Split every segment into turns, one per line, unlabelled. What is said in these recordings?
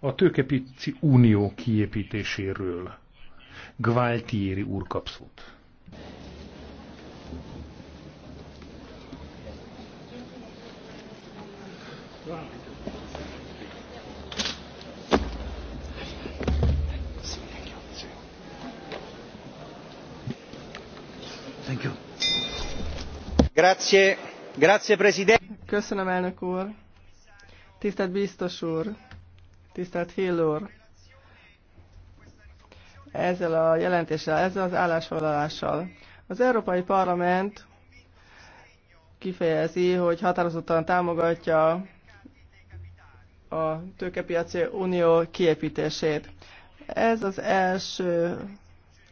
a tőkepici unió kiépítéséről. gvaltieri úr kap Grazie, grazie
Köszönöm, elnök úr. Tisztelt biztos úr! Tisztelt Hill úr! Ezzel a jelentéssel, ezzel az állásfoglalással az Európai Parlament kifejezi, hogy határozottan támogatja a tőkepiaci unió kiépítését. Ez az első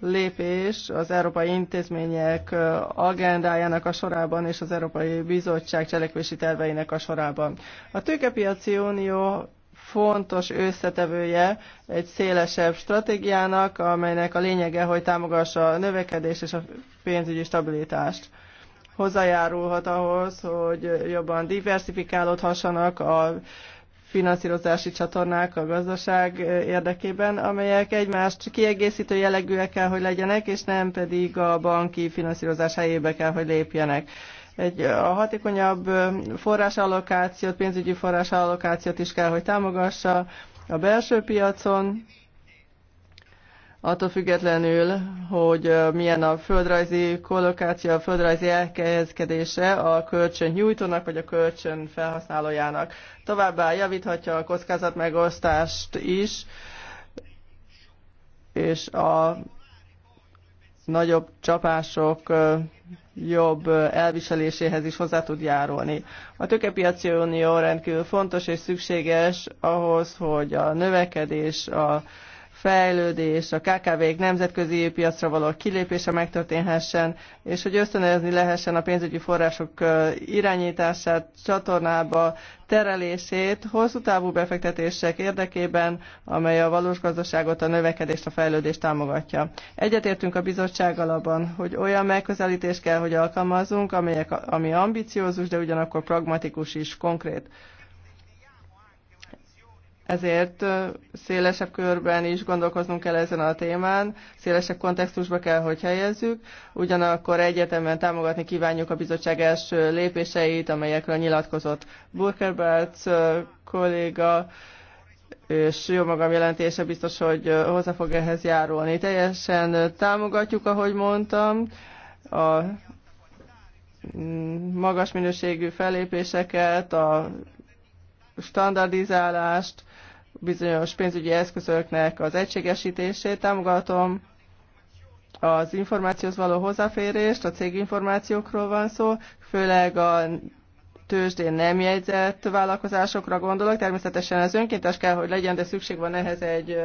lépés az európai intézmények agendájának a sorában és az Európai Bizottság cselekvési terveinek a sorában. A tőkepiaci unió fontos összetevője egy szélesebb stratégiának, amelynek a lényege, hogy támogassa a növekedés és a pénzügyi stabilitást. Hozzájárulhat ahhoz, hogy jobban diversifikálódhassanak a finanszírozási csatornák a gazdaság érdekében, amelyek egymást kiegészítő jellegűek kell, hogy legyenek, és nem pedig a banki finanszírozás helyébe kell, hogy lépjenek egy a hatékonyabb forrásallokációt, pénzügyi forrásallokációt is kell, hogy támogassa a belső piacon, attól függetlenül, hogy milyen a földrajzi kollokáció, a földrajzi elkezkedése a kölcsön nyújtónak vagy a kölcsön felhasználójának. Továbbá javíthatja a kockázatmegosztást is, és a nagyobb csapások jobb elviseléséhez is hozzá tud járulni. A tőkepiaci unió rendkívül fontos és szükséges ahhoz, hogy a növekedés, a fejlődés, a KKV-k nemzetközi piacra való kilépése megtörténhessen, és hogy ösztönözni lehessen a pénzügyi források irányítását, csatornába terelését hosszú távú befektetések érdekében, amely a valós gazdaságot, a növekedést, a fejlődést támogatja. Egyetértünk a bizottsággal abban, hogy olyan megközelítést kell, hogy alkalmazzunk, amelyek, ami ambiciózus, de ugyanakkor pragmatikus is, konkrét. Ezért szélesebb körben is gondolkoznunk kell ezen a témán, szélesebb kontextusba kell, hogy helyezzük, ugyanakkor egyetemen támogatni kívánjuk a bizottság első lépéseit, amelyekről nyilatkozott Burkerberts kolléga, és jó magam jelentése biztos, hogy hozzá fog ehhez járulni. Teljesen támogatjuk, ahogy mondtam, a mm, magas minőségű fellépéseket, a standardizálást, bizonyos pénzügyi eszközöknek az egységesítését. Támogatom az információhoz való hozzáférést, a céginformációkról van szó, főleg a tőzsdén nem jegyzett vállalkozásokra gondolok, természetesen ez önkéntes kell, hogy legyen, de szükség van ehhez egy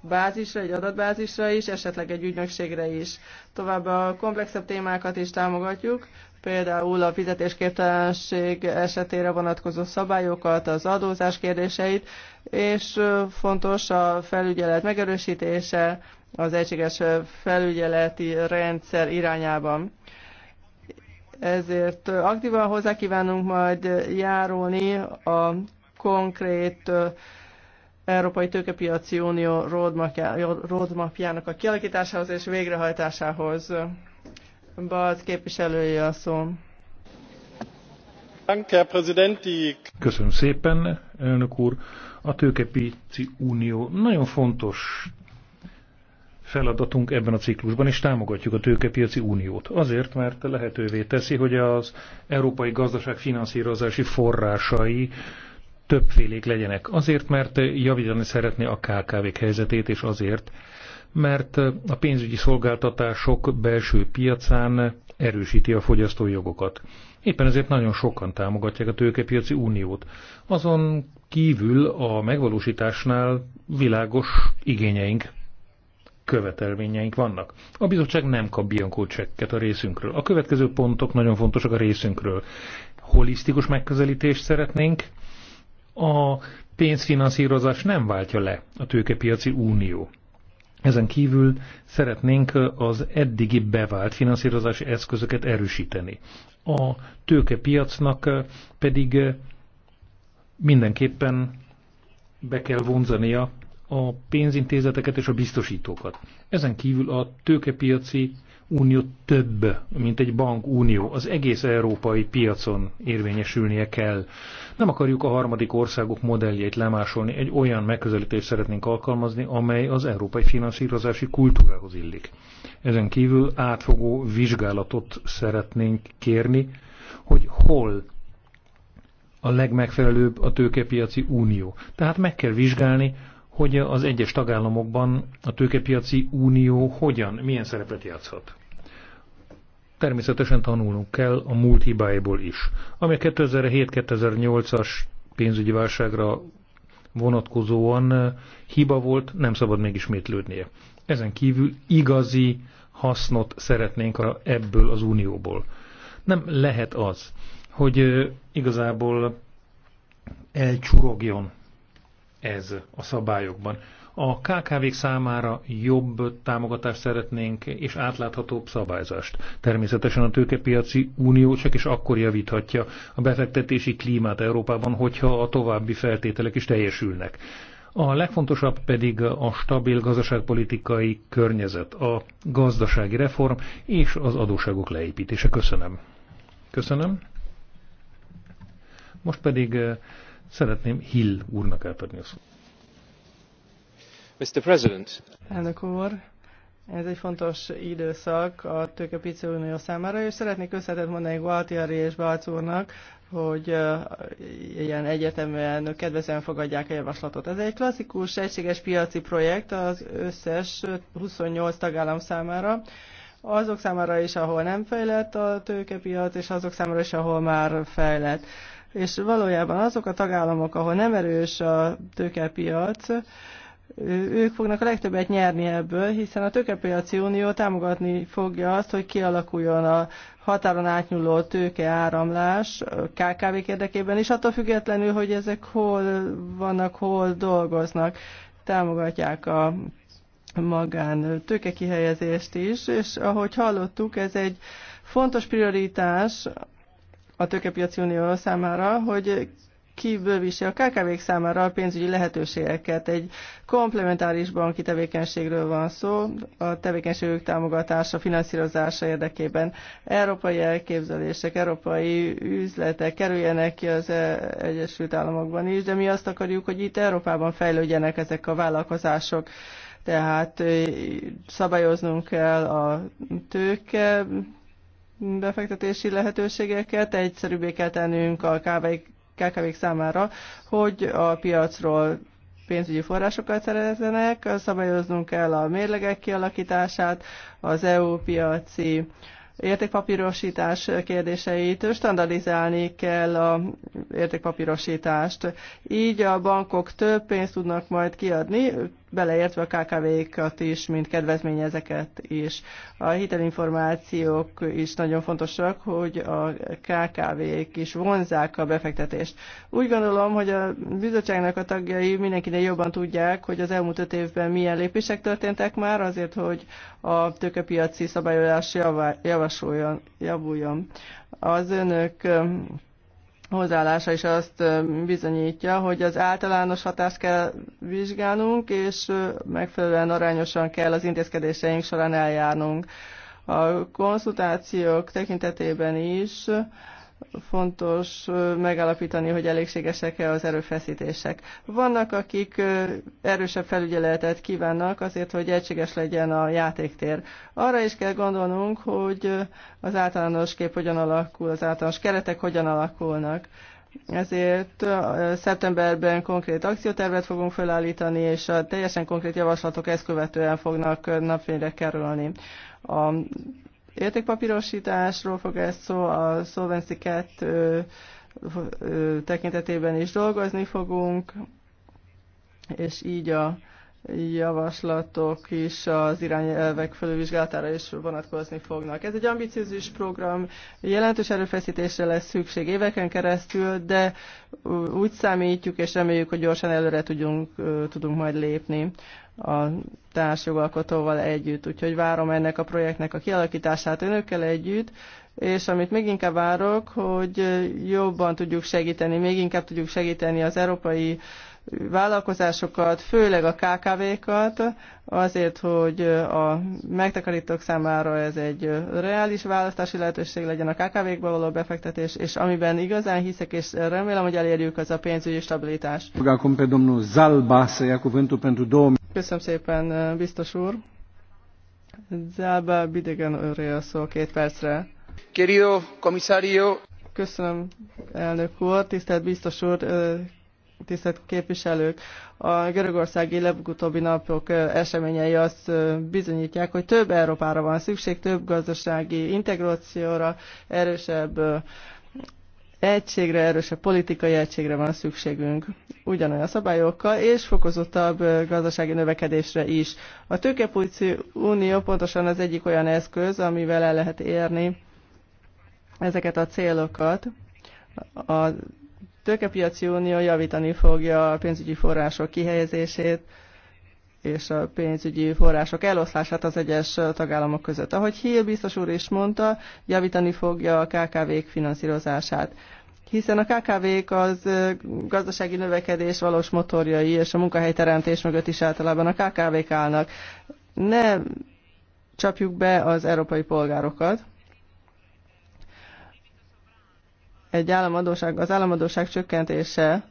bázisra, egy adatbázisra is, esetleg egy ügynökségre is. Továbbá a komplexebb témákat is támogatjuk, például a fizetésképtelenség esetére vonatkozó szabályokat, az adózás kérdéseit, és fontos a felügyelet megerősítése az egységes felügyeleti rendszer irányában ezért aktívan hozzá kívánunk majd járulni a konkrét Európai Tőkepiaci Unió roadmapjának a kialakításához és végrehajtásához. Balc képviselője a szó.
Köszönöm szépen, elnök úr. A Tőkepiaci Unió nagyon fontos feladatunk ebben a ciklusban, és támogatjuk a tőkepiaci uniót. Azért, mert lehetővé teszi, hogy az európai gazdaság finanszírozási forrásai többfélék legyenek. Azért, mert javítani szeretné a KKV-k helyzetét, és azért, mert a pénzügyi szolgáltatások belső piacán erősíti a fogyasztói jogokat. Éppen ezért nagyon sokan támogatják a tőkepiaci uniót. Azon kívül a megvalósításnál világos igényeink követelményeink vannak. A bizottság nem kap Bianco csekket a részünkről. A következő pontok nagyon fontosak a részünkről. Holisztikus megközelítést szeretnénk. A pénzfinanszírozás nem váltja le a tőkepiaci unió. Ezen kívül szeretnénk az eddigi bevált finanszírozási eszközöket erősíteni. A tőkepiacnak pedig mindenképpen be kell vonzania a pénzintézeteket és a biztosítókat. Ezen kívül a tőkepiaci unió több, mint egy bankunió. Az egész európai piacon érvényesülnie kell. Nem akarjuk a harmadik országok modelljeit lemásolni, egy olyan megközelítést szeretnénk alkalmazni, amely az európai finanszírozási kultúrához illik. Ezen kívül átfogó vizsgálatot szeretnénk kérni, hogy hol a legmegfelelőbb a tőkepiaci unió. Tehát meg kell vizsgálni, hogy az egyes tagállamokban a tőkepiaci unió hogyan, milyen szerepet játszhat. Természetesen tanulnunk kell a múlt hibáiból is, ami a 2007-2008-as pénzügyi válságra vonatkozóan hiba volt, nem szabad még ismétlődnie. Ezen kívül igazi hasznot szeretnénk ebből az unióból. Nem lehet az, hogy igazából elcsurogjon ez a szabályokban. A KKV-k számára jobb támogatást szeretnénk, és átláthatóbb szabályzást. Természetesen a tőkepiaci unió csak is akkor javíthatja a befektetési klímát Európában, hogyha a további feltételek is teljesülnek. A legfontosabb pedig a stabil gazdaságpolitikai környezet, a gazdasági reform és az adóságok leépítése. Köszönöm. Köszönöm. Most pedig Szeretném Hill úrnak átadni a szót. Mr. President.
Elnök úr, ez egy fontos időszak a Tőkepici Unió számára, és szeretnék összetett mondani Gualtieri és Balc úrnak, hogy ilyen egyeteműen kedvezően fogadják a javaslatot. Ez egy klasszikus, egységes piaci projekt az összes 28 tagállam számára, azok számára is, ahol nem fejlett a tőkepiac, és azok számára is, ahol már fejlett és valójában azok a tagállamok, ahol nem erős a tőkepiac, ők fognak a legtöbbet nyerni ebből, hiszen a tőkepiaci unió támogatni fogja azt, hogy kialakuljon a határon átnyúló tőke áramlás kkv érdekében is, attól függetlenül, hogy ezek hol vannak, hol dolgoznak, támogatják a magán tőkekihelyezést is, és ahogy hallottuk, ez egy fontos prioritás a Tőkepiaci Unió számára, hogy kibővíti a kkv számára a pénzügyi lehetőségeket. Egy komplementáris banki tevékenységről van szó, a tevékenységük támogatása, finanszírozása érdekében. Európai elképzelések, európai üzletek kerüljenek ki az e- Egyesült Államokban is, de mi azt akarjuk, hogy itt Európában fejlődjenek ezek a vállalkozások. Tehát szabályoznunk kell a tőke befektetési lehetőségeket egyszerűbbé kell tennünk a kkv számára, hogy a piacról pénzügyi forrásokat szerezzenek, szabályoznunk kell a mérlegek kialakítását, az EU piaci értékpapírosítás kérdéseit, standardizálni kell a értékpapírosítást. Így a bankok több pénzt tudnak majd kiadni, beleértve a KKV-kat is, mint kedvezményezeket is. A hitelinformációk is nagyon fontosak, hogy a KKV-k is vonzák a befektetést. Úgy gondolom, hogy a bizottságnak a tagjai mindenkinek jobban tudják, hogy az elmúlt öt évben milyen lépések történtek már, azért, hogy a tőkepiaci szabályozás javasoljon, javuljon. Az önök hozzáállása is azt bizonyítja, hogy az általános hatást kell vizsgálnunk, és megfelelően arányosan kell az intézkedéseink során eljárnunk. A konzultációk tekintetében is fontos megállapítani, hogy elégségesek-e az erőfeszítések. Vannak, akik erősebb felügyeletet kívánnak azért, hogy egységes legyen a játéktér. Arra is kell gondolnunk, hogy az általános kép hogyan alakul, az általános keretek hogyan alakulnak. Ezért szeptemberben konkrét akciótervet fogunk felállítani, és a teljesen konkrét javaslatok ezt követően fognak napfényre kerülni. A értékpapírosításról fog ez szó, a Solvency 2 tekintetében is dolgozni fogunk, és így a javaslatok is az irányelvek felülvizsgálatára is vonatkozni fognak. Ez egy ambiciózus program, jelentős erőfeszítésre lesz szükség éveken keresztül, de úgy számítjuk és reméljük, hogy gyorsan előre tudjunk, tudunk majd lépni a társjogalkotóval együtt. Úgyhogy várom ennek a projektnek a kialakítását önökkel együtt, és amit még inkább várok, hogy jobban tudjuk segíteni, még inkább tudjuk segíteni az európai vállalkozásokat, főleg a KKV-kat, azért, hogy a megtakarítók számára ez egy reális választási lehetőség legyen a KKV-kba való befektetés, és amiben igazán hiszek, és remélem, hogy elérjük, az a pénzügyi stabilitás.
Zalba pentru
Köszönöm szépen, biztos úr. Zába Bidegen a szó két percre. Querido komisszárió. Köszönöm, elnök úr, tisztelt biztos úr, tisztelt képviselők. A görögországi legutóbbi napok eseményei azt bizonyítják, hogy több Európára van szükség, több gazdasági integrációra, erősebb egységre, erősebb politikai egységre van szükségünk ugyanolyan szabályokkal, és fokozottabb gazdasági növekedésre is. A tőkepulci unió pontosan az egyik olyan eszköz, amivel el lehet érni ezeket a célokat. A tőkepiaci unió javítani fogja a pénzügyi források kihelyezését, és a pénzügyi források eloszlását az egyes tagállamok között. Ahogy Hill biztos úr is mondta, javítani fogja a KKV-k finanszírozását hiszen a KKV-k az gazdasági növekedés valós motorjai, és a munkahelyteremtés mögött is általában a KKV-k állnak. Ne csapjuk be az európai polgárokat. Egy államadóság, az államadóság csökkentése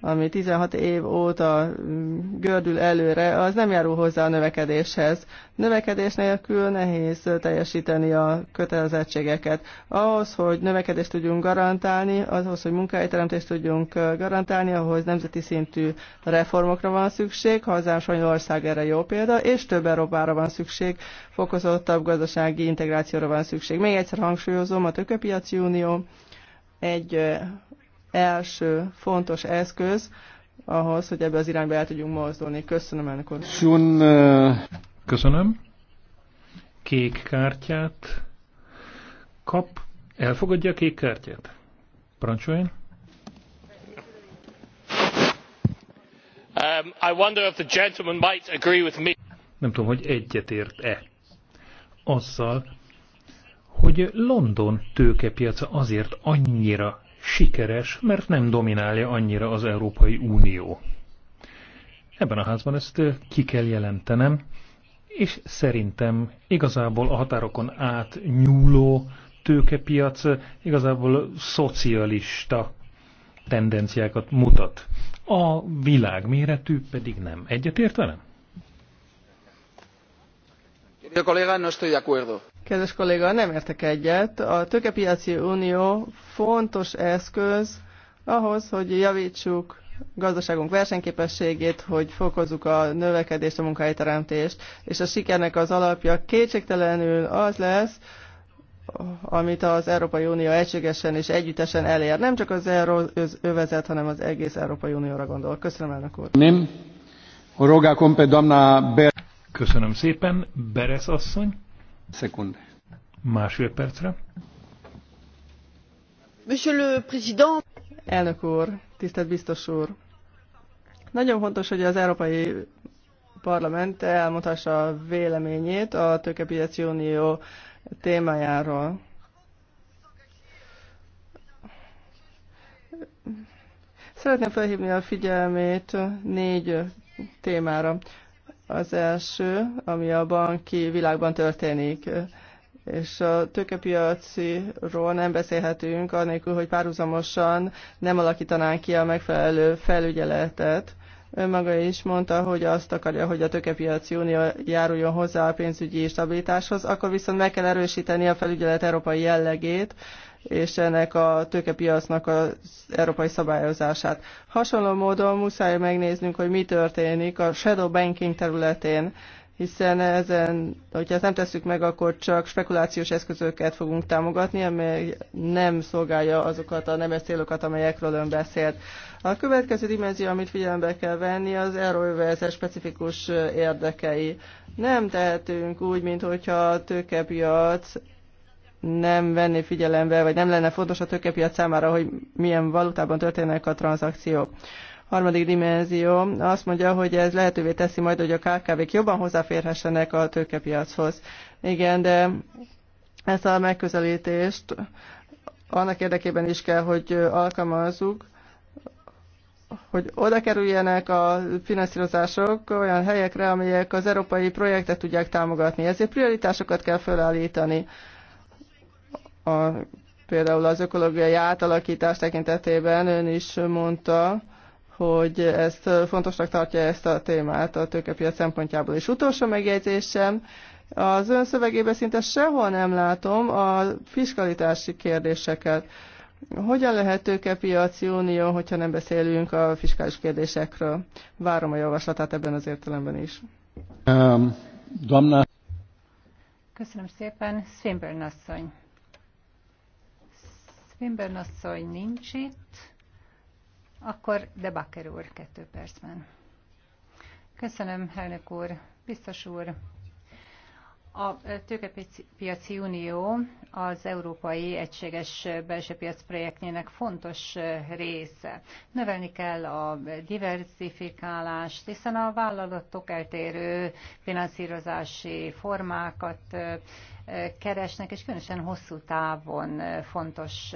ami 16 év óta mm, gördül előre, az nem járul hozzá a növekedéshez. Növekedés nélkül nehéz teljesíteni a kötelezettségeket. Ahhoz, hogy növekedést tudjunk garantálni, ahhoz, hogy munkahelyteremtést tudjunk garantálni, ahhoz nemzeti szintű reformokra van szükség, hazám Spanyolország erre jó példa, és több Európára van szükség, fokozottabb gazdasági integrációra van szükség. Még egyszer hangsúlyozom, a tökepiaci unió egy első fontos eszköz ahhoz, hogy ebbe az irányba el tudjunk mozdulni. Köszönöm, elnök úr.
Köszönöm. Kék kártyát kap. Elfogadja a kék kártyát? Parancsoljon. Um, I wonder if the gentleman might agree with me. Nem tudom, hogy egyetért-e azzal, hogy London tőkepiaca azért annyira sikeres, mert nem dominálja annyira az Európai Unió. Ebben a házban ezt ki kell jelentenem, és szerintem igazából a határokon át nyúló tőkepiac igazából szocialista tendenciákat mutat. A világ méretű pedig nem. Egyetért velem? Querido colega, no estoy de acuerdo.
Kedves kolléga, nem értek egyet. A tőkepiaci unió fontos eszköz ahhoz, hogy javítsuk gazdaságunk versenyképességét, hogy fokozzuk a növekedést, a munkahelyteremtést, és a sikernek az alapja kétségtelenül az lesz, amit az Európai Unió egységesen és együttesen elér. Nem csak az övezet, hanem az egész Európai Unióra gondol. Köszönöm, elnök úr. Nem.
Köszönöm szépen, Beres asszony. Másfél percre. Monsieur le
Président. Elnök úr, tisztelt biztos úr. Nagyon fontos, hogy az Európai Parlament elmondhassa a véleményét a tőkepiaci unió témájáról. Szeretném felhívni a figyelmét négy témára. Az első, ami a banki világban történik, és a tőkepiaciról nem beszélhetünk, anélkül, hogy párhuzamosan nem alakítanánk ki a megfelelő felügyeletet. Ő maga is mondta, hogy azt akarja, hogy a tőkepiaci unió járuljon hozzá a pénzügyi stabilitáshoz, akkor viszont meg kell erősíteni a felügyelet európai jellegét, és ennek a tőkepiacnak az európai szabályozását. Hasonló módon muszáj megnéznünk, hogy mi történik a shadow banking területén, hiszen ezen, hogyha ezt nem tesszük meg, akkor csak spekulációs eszközöket fogunk támogatni, amely nem szolgálja azokat a nemes célokat, amelyekről ön beszélt. A következő dimenzió, amit figyelembe kell venni, az euróvezet specifikus érdekei. Nem tehetünk úgy, mint hogyha a tőkepiac nem venné figyelembe, vagy nem lenne fontos a tőkepiac számára, hogy milyen valutában történnek a tranzakciók. Harmadik dimenzió azt mondja, hogy ez lehetővé teszi majd, hogy a KKV-k jobban hozzáférhessenek a tőkepiachoz. Igen, de ezt a megközelítést annak érdekében is kell, hogy alkalmazzuk, hogy oda kerüljenek a finanszírozások olyan helyekre, amelyek az európai projektet tudják támogatni. Ezért prioritásokat kell felállítani. A, például az ökológiai átalakítás tekintetében ön is mondta, hogy ezt fontosnak tartja ezt a témát a tőkepiac szempontjából. És utolsó megjegyzésem, az ön szövegében szinte sehol nem látom a fiskalitási kérdéseket. Hogyan lehet tőkepiaci unió, hogyha nem beszélünk a fiskális kérdésekről? Várom a javaslatát ebben az értelemben is. Um, Köszönöm
szépen. Swinburne asszony. Wimbern asszony nincs itt, akkor Debaker úr kettő percben. Köszönöm, elnök úr, biztos úr. A tőkepiaci unió az európai egységes belső piac projektjének fontos része. Növelni kell a diversifikálást, hiszen a vállalatok eltérő finanszírozási formákat keresnek, és különösen hosszú távon fontos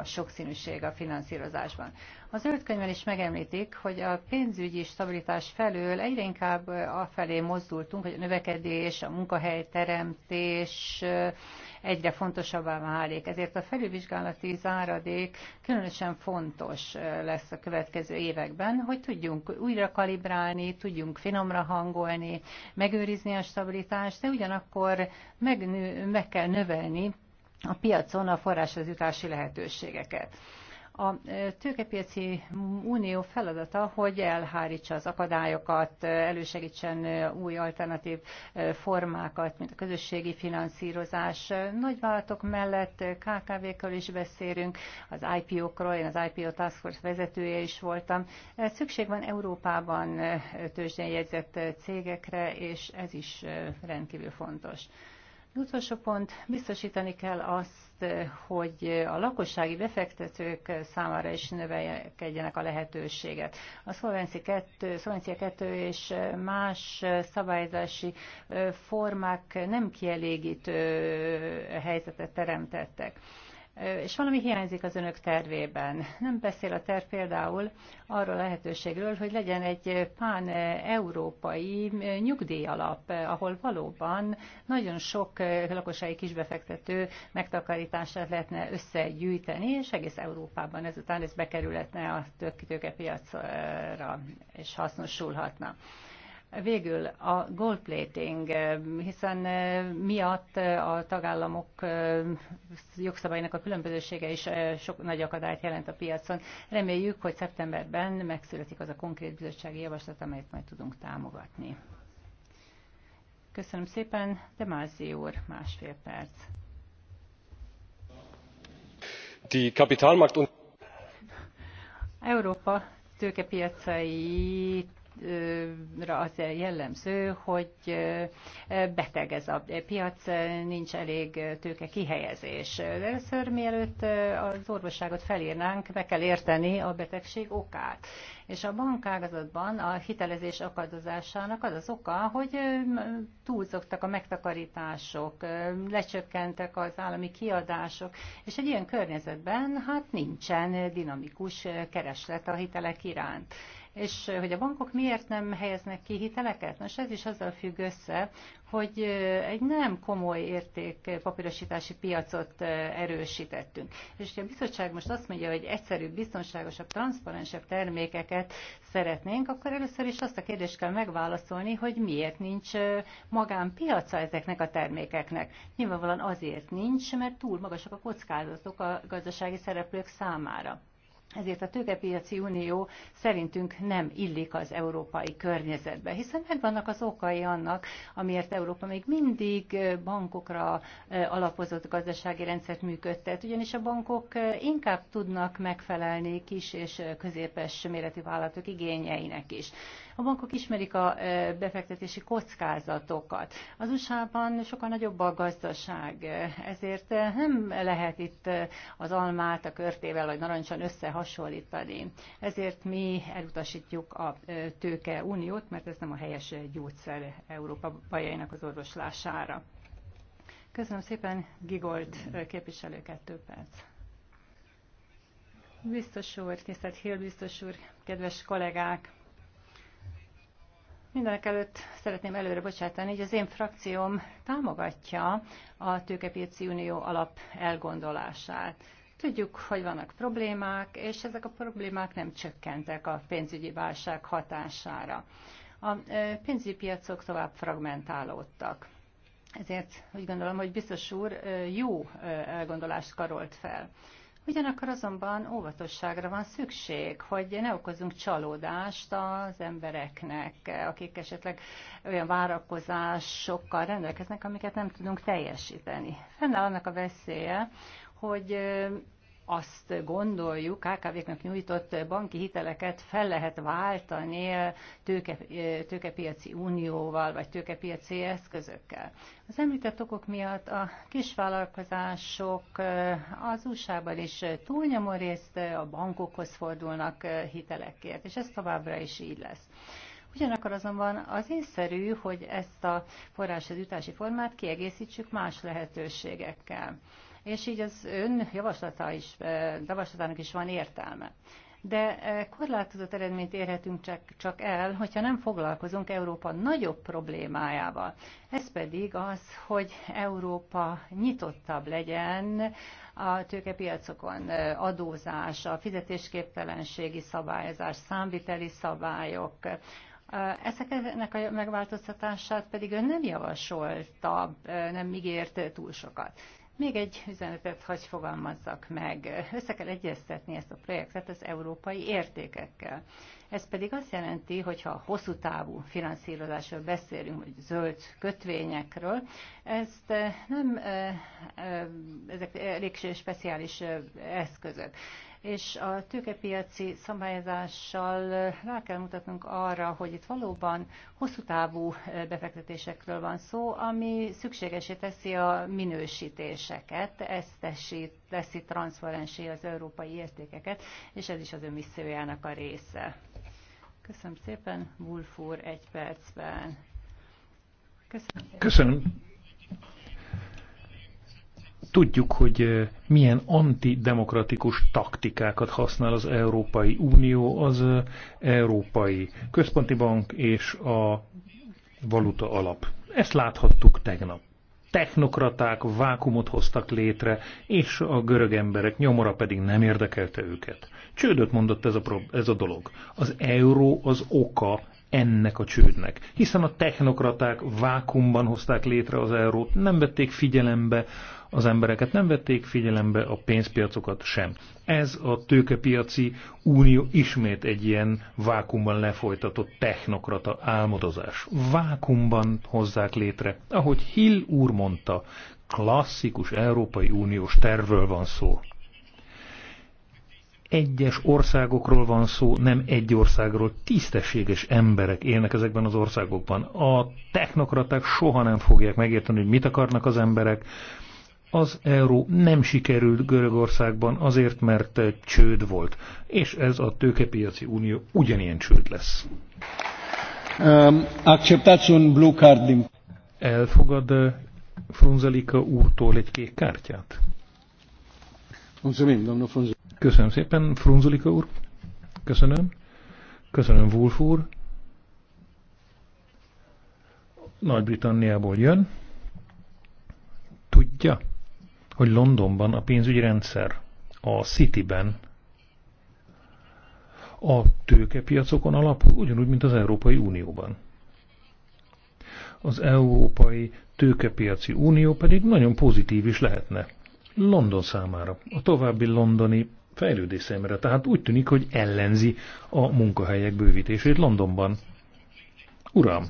a sokszínűség a finanszírozásban. Az zöld könyvben is megemlítik, hogy a pénzügyi stabilitás felől egyre inkább afelé mozdultunk, hogy a növekedés, a munkahelyteremtés, teremtés, egyre fontosabbá válik. Ezért a felülvizsgálati záradék különösen fontos lesz a következő években, hogy tudjunk újra kalibrálni, tudjunk finomra hangolni, megőrizni a stabilitást, de ugyanakkor megnő, meg kell növelni a piacon a forráshoz jutási lehetőségeket. A tőkepiaci unió feladata, hogy elhárítsa az akadályokat, elősegítsen új alternatív formákat, mint a közösségi finanszírozás. Nagyvállalatok mellett KKV-kről is beszélünk, az IPO-król, én az IPO Task Force vezetője is voltam. Szükség van Európában tőzsdén jegyzett cégekre, és ez is rendkívül fontos. Az utolsó pont, biztosítani kell azt, azt, hogy a lakossági befektetők számára is növekedjenek a lehetőséget. A Szlovencia 2, Szlovencia 2 és más szabályzási formák nem kielégítő helyzetet teremtettek és valami hiányzik az önök tervében. Nem beszél a terv például arról a lehetőségről, hogy legyen egy pán-európai nyugdíjalap, ahol valóban nagyon sok lakossági kisbefektető megtakarítását lehetne összegyűjteni, és egész Európában ezután ez bekerülhetne a tőkepiacra, és hasznosulhatna. Végül a gold plating, hiszen eh, miatt eh, a tagállamok eh, jogszabálynak a különbözősége is sok nagy akadályt jelent a piacon. Reméljük, hogy szeptemberben megszületik az a konkrét bizottsági javaslat, amelyet majd tudunk támogatni. Köszönöm szépen, De Mázi úr, másfél perc.
Die Kapitalmarkt und
Európa tőkepiacait az jellemző, hogy beteg ez a piac, nincs elég tőke kihelyezés. Először mielőtt az orvosságot felírnánk, meg kell érteni a betegség okát. És a bankágazatban a hitelezés akadozásának az az oka, hogy túlzogtak a megtakarítások, lecsökkentek az állami kiadások, és egy ilyen környezetben hát nincsen dinamikus kereslet a hitelek iránt és hogy a bankok miért nem helyeznek ki hiteleket? Nos, ez is azzal függ össze, hogy egy nem komoly érték papírosítási piacot erősítettünk. És a bizottság most azt mondja, hogy egyszerűbb, biztonságosabb, transzparensebb termékeket szeretnénk, akkor először is azt a kérdést kell megválaszolni, hogy miért nincs magánpiaca ezeknek a termékeknek. Nyilvánvalóan azért nincs, mert túl magasak a kockázatok a gazdasági szereplők számára. Ezért a tőkepiaci unió szerintünk nem illik az európai környezetbe, hiszen megvannak az okai annak, amiért Európa még mindig bankokra alapozott gazdasági rendszert működtet, ugyanis a bankok inkább tudnak megfelelni kis és közepes méretű vállalatok igényeinek is. A bankok ismerik a befektetési kockázatokat. Az USA-ban sokkal nagyobb a gazdaság, ezért nem lehet itt az almát a körtével vagy narancson összehasonlítani. Ezért mi elutasítjuk a tőke uniót, mert ez nem a helyes gyógyszer Európa bajainak az orvoslására. Köszönöm szépen, Gigolt képviselő kettő perc. Biztos úr, tisztelt Hill biztos úr, kedves kollégák! Mindenek előtt szeretném előre bocsátani, hogy az én frakcióm támogatja a Tőkepiaci Unió alap elgondolását. Tudjuk, hogy vannak problémák, és ezek a problémák nem csökkentek a pénzügyi válság hatására. A e, pénzügyi piacok tovább fragmentálódtak. Ezért úgy gondolom, hogy biztos úr e, jó e, elgondolást karolt fel. Ugyanakkor azonban óvatosságra van szükség, hogy ne okozunk csalódást az embereknek, akik esetleg olyan várakozásokkal rendelkeznek, amiket nem tudunk teljesíteni. Fennáll annak a veszélye, hogy azt gondoljuk, KKV-knak nyújtott banki hiteleket fel lehet váltani tőke, tőkepiaci unióval, vagy tőkepiaci eszközökkel. Az említett okok miatt a kisvállalkozások eh, az USA-ban is túlnyomó részt a bankokhoz fordulnak eh, hitelekért, és ez továbbra is így lesz. Ugyanakkor azonban az észszerű, hogy ezt a forráshoz jutási formát kiegészítsük más lehetőségekkel és így az ön javaslata is, javaslatának is van értelme. De korlátozott eredményt érhetünk csak, csak el, hogyha nem foglalkozunk Európa nagyobb problémájával. Ez pedig az, hogy Európa nyitottabb legyen a tőkepiacokon, adózás, a fizetésképtelenségi szabályozás, számviteli szabályok, Ezeknek a megváltoztatását pedig ön nem javasolta, nem ígért túl sokat. Még egy üzenetet hagy fogalmazzak meg. Össze kell egyeztetni ezt a projektet az európai értékekkel. Ez pedig azt jelenti, hogy ha hosszú távú finanszírozásról beszélünk, vagy zöld kötvényekről, ezt eh, nem, eh, eh, ezek elég speciális eszközök és a tőkepiaci szabályozással rá kell mutatnunk arra, hogy itt valóban hosszú távú eh, befektetésekről van szó, ami szükségesé teszi a minősítéseket, ezt teszi, teszi transzparensé az európai értékeket, és ez is az ő a része. Köszönöm szépen, Wulfur egy percben. Köszönöm. Köszönöm.
Tudjuk, hogy milyen antidemokratikus taktikákat használ az Európai Unió, az Európai Központi Bank és a valuta alap. Ezt láthattuk tegnap. Technokraták vákumot hoztak létre, és a görög emberek nyomora pedig nem érdekelte őket. Csődöt mondott ez a, ez a dolog. Az euró az oka ennek a csődnek. Hiszen a technokraták vákumban hozták létre az eurót, nem vették figyelembe az embereket, nem vették figyelembe a pénzpiacokat sem. Ez a tőkepiaci unió ismét egy ilyen vákumban lefolytatott technokrata álmodozás. Vákumban hozzák létre. Ahogy Hill úr mondta, klasszikus Európai Uniós tervről van szó. Egyes országokról van szó, nem egy országról. Tisztességes emberek élnek ezekben az országokban. A technokraták soha nem fogják megérteni, hogy mit akarnak az emberek az euró nem sikerült Görögországban azért, mert csőd volt. És ez a tőkepiaci unió ugyanilyen csőd lesz. Um, blue card Elfogad uh, Frunzelika úrtól egy kék kártyát? Köszönöm szépen, Frunzelika úr. Köszönöm. Köszönöm, Wolf úr. Nagy-Britanniából jön. Tudja, hogy Londonban a pénzügyi rendszer a Cityben a tőkepiacokon alapul, ugyanúgy, mint az Európai Unióban. Az Európai Tőkepiaci Unió pedig nagyon pozitív is lehetne. London számára, a további londoni fejlődés szemre. Tehát úgy tűnik, hogy ellenzi a munkahelyek bővítését Londonban. Uram,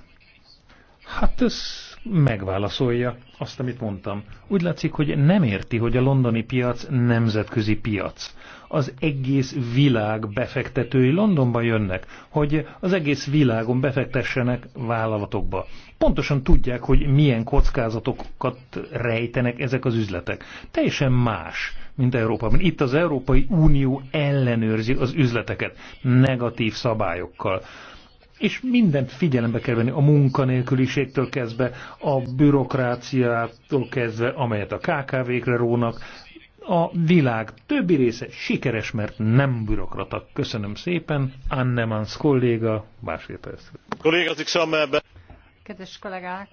hát ez megválaszolja azt, amit mondtam. Úgy látszik, hogy nem érti, hogy a londoni piac nemzetközi piac. Az egész világ befektetői Londonba jönnek, hogy az egész világon befektessenek vállalatokba. Pontosan tudják, hogy milyen kockázatokat rejtenek ezek az üzletek. Teljesen más, mint Európában. Itt az Európai Unió ellenőrzi az üzleteket negatív szabályokkal és mindent figyelembe kell venni, a munkanélküliségtől kezdve, a bürokráciától kezdve, amelyet a KKV-kre rónak. A világ többi része sikeres, mert nem bürokrata. Köszönöm szépen, Annemans kolléga, másfél perc. Kolléga,
Kedves kollégák,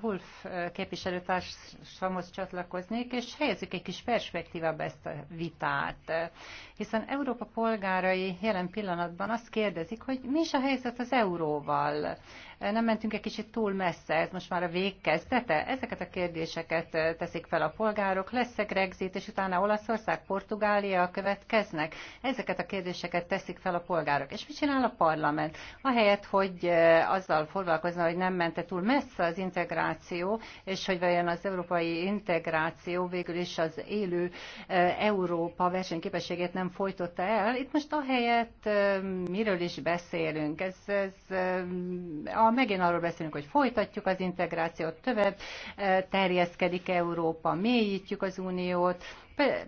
Wolf képviselőtársamhoz csatlakoznék, és helyezzük egy kis perspektívába ezt a vitát. Hiszen Európa polgárai jelen pillanatban azt kérdezik, hogy mi is a helyzet az euróval nem mentünk egy kicsit túl messze, ez most már a végkezdete? Ezeket a kérdéseket teszik fel a polgárok, lesz-e Grexit, és utána Olaszország, Portugália következnek? Ezeket a kérdéseket teszik fel a polgárok. És mit csinál a parlament? Ahelyett, hogy azzal foglalkozna, hogy nem mente túl messze az integráció, és hogy vajon az európai integráció végül is az élő Európa versenyképességét nem folytotta el, itt most ahelyett miről is beszélünk? Ez, ez ha megint arról beszélünk, hogy folytatjuk az integrációt, tovább eh, terjeszkedik Európa, mélyítjük az uniót,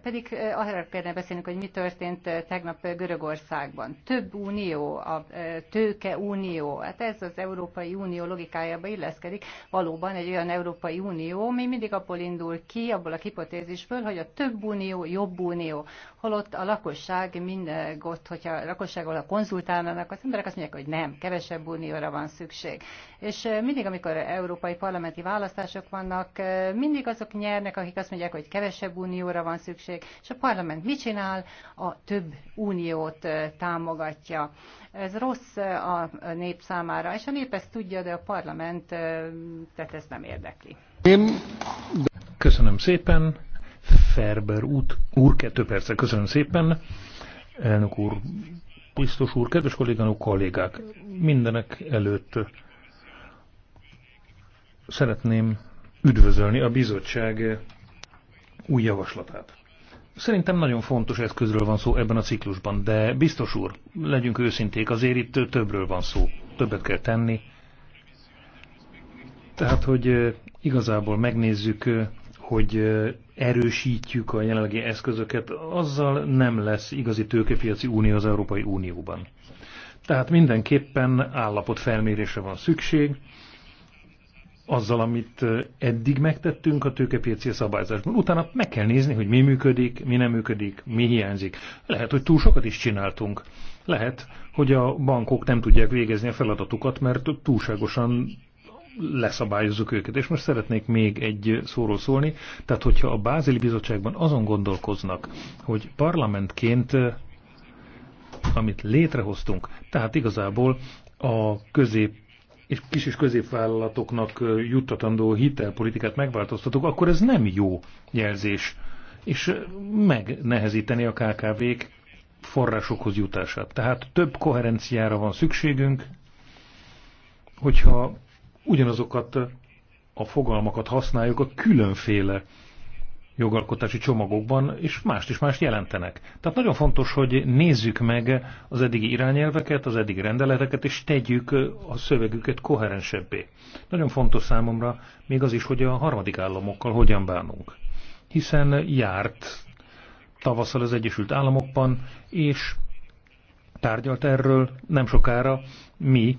pedig arra kellene beszélnünk, hogy mi történt tegnap Görögországban. Több unió, a tőke unió, hát ez az Európai Unió logikájába illeszkedik. Valóban egy olyan Európai Unió, ami mindig abból indul ki, abból a hipotézisből, hogy a több unió jobb unió. Holott a lakosság minden ott, hogyha a lakossággal a konzultálnának, az emberek azt mondják, hogy nem, kevesebb unióra van szükség. És mindig, amikor európai parlamenti választások vannak, mindig azok nyernek, akik azt mondják, hogy kevesebb unióra van van szükség, és a parlament mit csinál? A több uniót támogatja. Ez rossz a nép számára, és a nép ezt tudja, de a parlament tehát ezt nem érdekli.
Köszönöm szépen. Ferber út, úr, kettő perce, köszönöm szépen. Elnök úr, biztos úr, kedves kolléganok, kollégák, mindenek előtt szeretném üdvözölni a bizottság új javaslatát. Szerintem nagyon fontos eszközről van szó ebben a ciklusban, de biztos úr, legyünk őszinték, azért itt többről van szó, többet kell tenni. Tehát, hogy igazából megnézzük, hogy erősítjük a jelenlegi eszközöket, azzal nem lesz igazi tőkepiaci unió az Európai Unióban. Tehát mindenképpen állapotfelmérésre van szükség, azzal, amit eddig megtettünk a tőkepiaci szabályzásban. Utána meg kell nézni, hogy mi működik, mi nem működik, mi hiányzik. Lehet, hogy túl sokat is csináltunk. Lehet, hogy a bankok nem tudják végezni a feladatukat, mert túlságosan leszabályozzuk őket. És most szeretnék még egy szóról szólni. Tehát, hogyha a Bázeli Bizottságban azon gondolkoznak, hogy parlamentként amit létrehoztunk, tehát igazából a közép és kis és középvállalatoknak juttatandó hitelpolitikát megváltoztatok, akkor ez nem jó jelzés, és megnehezíteni a KKV-k forrásokhoz jutását. Tehát több koherenciára van szükségünk, hogyha ugyanazokat a fogalmakat használjuk a különféle jogalkotási csomagokban, és mást is mást jelentenek. Tehát nagyon fontos, hogy nézzük meg az eddigi irányelveket, az eddigi rendeleteket, és tegyük a szövegüket koherensebbé. Nagyon fontos számomra még az is, hogy a harmadik államokkal hogyan bánunk. Hiszen járt tavasszal az Egyesült Államokban, és tárgyalt erről nem sokára mi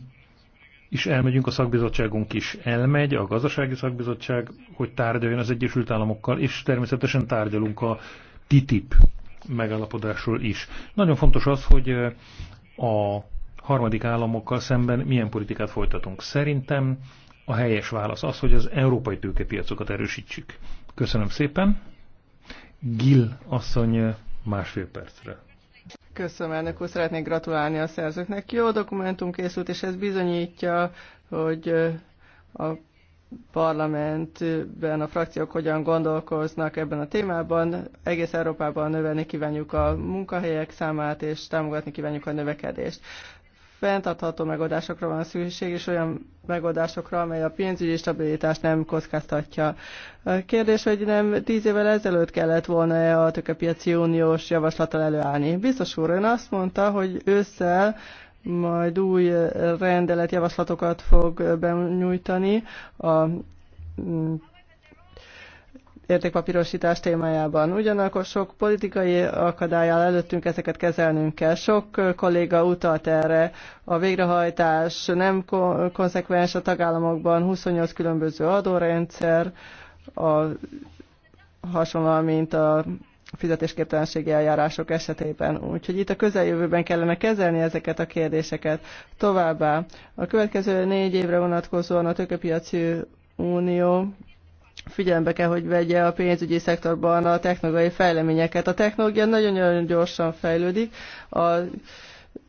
is elmegyünk, a szakbizottságunk is elmegy, a gazdasági szakbizottság, hogy tárgyaljon az Egyesült Államokkal, és természetesen tárgyalunk a TTIP megállapodásról is. Nagyon fontos az, hogy eh, a harmadik államokkal szemben milyen politikát folytatunk. Szerintem a helyes válasz az, hogy az európai tőkepiacokat erősítsük. Köszönöm szépen. Gil asszony eh, másfél percre.
Köszönöm, elnök úr, szeretnék gratulálni a szerzőknek. Jó dokumentum készült, és ez bizonyítja, hogy a parlamentben a frakciók hogyan gondolkoznak ebben a témában. Egész Európában növelni kívánjuk a munkahelyek számát, és támogatni kívánjuk a növekedést. Fenntartható megoldásokra van szükség, és olyan megoldásokra, amely a pénzügyi stabilitást nem kockáztatja. A kérdés, hogy nem tíz évvel ezelőtt kellett volna -e a tökepiaci uniós javaslattal előállni. Biztos úr, ön azt mondta, hogy ősszel majd új rendeletjavaslatokat fog benyújtani a mm, értékpapírosítás témájában. Ugyanakkor sok politikai akadály áll előttünk, ezeket kezelnünk kell. Sok kolléga utalt erre, a végrehajtás nem konzekvens a tagállamokban, 28 különböző adórendszer, a, hasonlóan, mint a fizetésképtelenségi eljárások esetében. Úgyhogy itt a közeljövőben kellene kezelni ezeket a kérdéseket. Továbbá a következő négy évre vonatkozóan a tökepiaci unió figyelembe kell, hogy vegye a pénzügyi szektorban a technológiai fejleményeket. A technológia nagyon-nagyon gyorsan fejlődik, a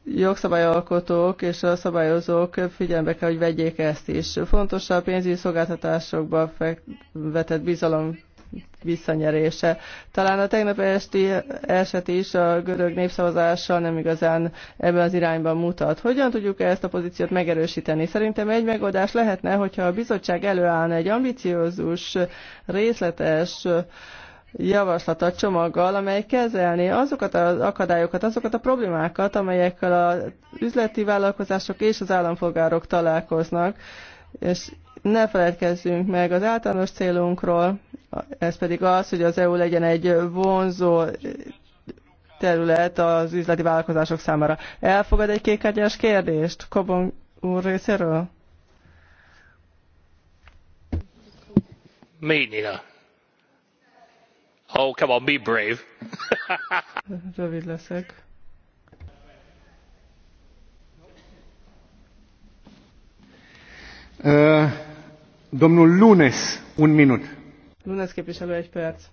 jogszabályalkotók és a szabályozók figyelembe kell, hogy vegyék ezt is. Fontos a pénzügyi szolgáltatásokba vetett bizalom visszanyerése. Talán a tegnap esti eset is a görög népszavazással nem igazán ebben az irányban mutat. Hogyan tudjuk ezt a pozíciót megerősíteni? Szerintem egy megoldás lehetne, hogyha a bizottság előállna egy ambiciózus, részletes javaslata csomaggal, amely kezelni azokat az akadályokat, azokat a problémákat, amelyekkel az üzleti vállalkozások és az állampolgárok találkoznak, és ne feledkezzünk meg az általános célunkról, ez pedig az, hogy az EU legyen egy vonzó terület az üzleti vállalkozások számára. Elfogad egy kékkártyás kérdést Kobon úr részéről?
Ménina. Oh, come on, be brave.
Rövid leszek.
Uh, Domnul Lunes, un minut.
Lunes képviselő, egy perc.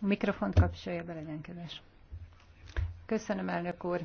Mikrofont kapcsolja be, legyen kedves. Köszönöm, elnök úr.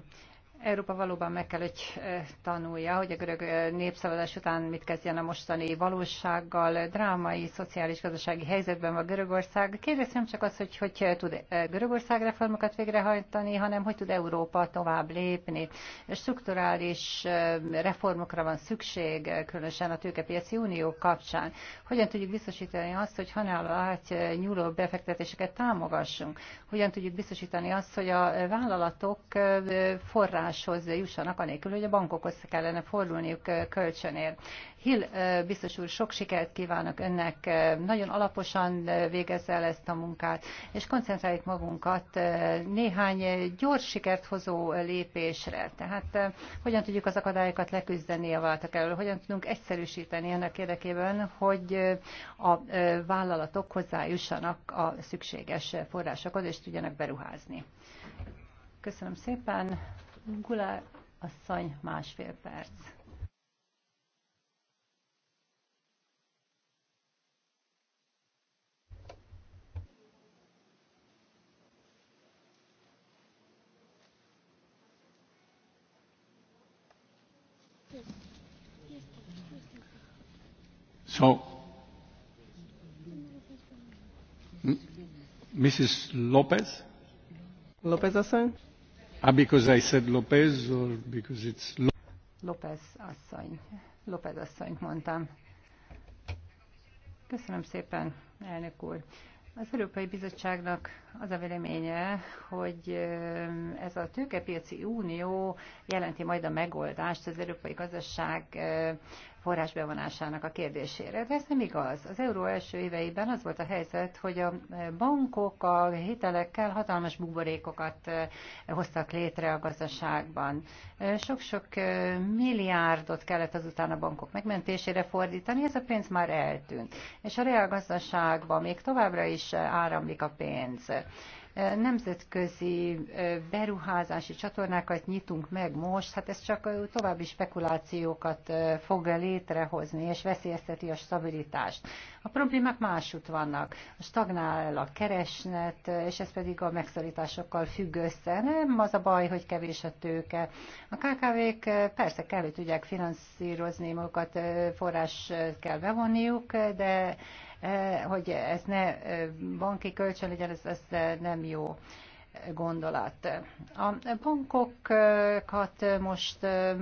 Európa valóban meg kell, hogy tanulja, hogy a görög népszavazás után mit kezdjen a mostani valósággal, drámai, szociális, gazdasági helyzetben van Görögország. Kérdezem nem csak az, hogy hogy tud Görögország reformokat végrehajtani, hanem hogy tud Európa tovább lépni. Strukturális reformokra van szükség, különösen a tőkepiaci unió kapcsán. Hogyan tudjuk biztosítani azt, hogy hanála át nyúló befektetéseket támogassunk? Hogyan tudjuk biztosítani azt, hogy a vállalatok forrás máshoz jussanak, anélkül, hogy a bankokhoz kellene fordulniuk kölcsönért. Hill biztos úr, sok sikert kívánok önnek, nagyon alaposan végezze el ezt a munkát, és koncentráljuk magunkat néhány gyors sikert hozó lépésre. Tehát hogyan tudjuk az akadályokat leküzdeni a váltak elől, hogyan tudunk egyszerűsíteni ennek érdekében, hogy a vállalatok hozzájussanak a szükséges forrásokhoz, és tudjanak beruházni. Köszönöm szépen. Gulár asszony, másfél perc.
So, Mrs. López.
López asszony.
Ah, because I said Lopez, or because it's...
López asszony. López asszonyt mondtam. Köszönöm szépen, elnök úr. Az Európai Bizottságnak az a véleménye, hogy ez a tőkepiaci unió jelenti majd a megoldást az európai gazdaság forrás bevonásának a kérdésére. De ez nem igaz. Az euró első éveiben az volt a helyzet, hogy a bankok a hitelekkel hatalmas buborékokat hoztak létre a gazdaságban. Sok-sok milliárdot kellett azután a bankok megmentésére fordítani, ez a pénz már eltűnt. És a reálgazdaságban még továbbra is áramlik a pénz nemzetközi beruházási csatornákat nyitunk meg most, hát ez csak további spekulációkat fog létrehozni, és veszélyezteti a stabilitást. A problémák másút vannak. A stagnál a keresnet, és ez pedig a megszorításokkal függ össze. Nem az a baj, hogy kevés a tőke. A KKV-k persze kell, hogy tudják finanszírozni magukat, forrás kell bevonniuk, de E, hogy ez ne e, banki kölcsön legyen, ez, ez nem jó gondolat. A bankokat most e,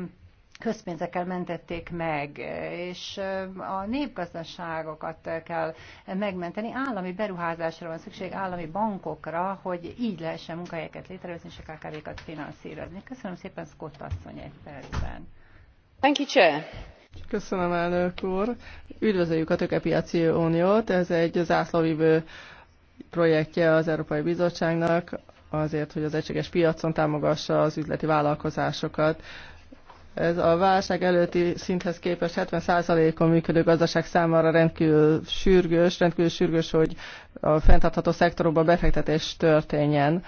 közpénzekkel mentették meg, és a népgazdaságokat kell megmenteni. Állami beruházásra van szükség, állami bankokra, hogy így lehessen munkahelyeket létrehozni, és a KKV-kat finanszírozni. Köszönöm szépen, Scott asszony egy percben.
Thank you, Chair. Köszönöm, elnök úr. Üdvözöljük a Tökepiaci Uniót. Ez egy zászlóvívő projektje az Európai Bizottságnak azért, hogy az egységes piacon támogassa az üzleti vállalkozásokat. Ez a válság előtti szinthez képest 70%-on működő gazdaság számára rendkívül sürgős, rendkívül sürgős, hogy a fenntartható szektorokba befektetés történjen.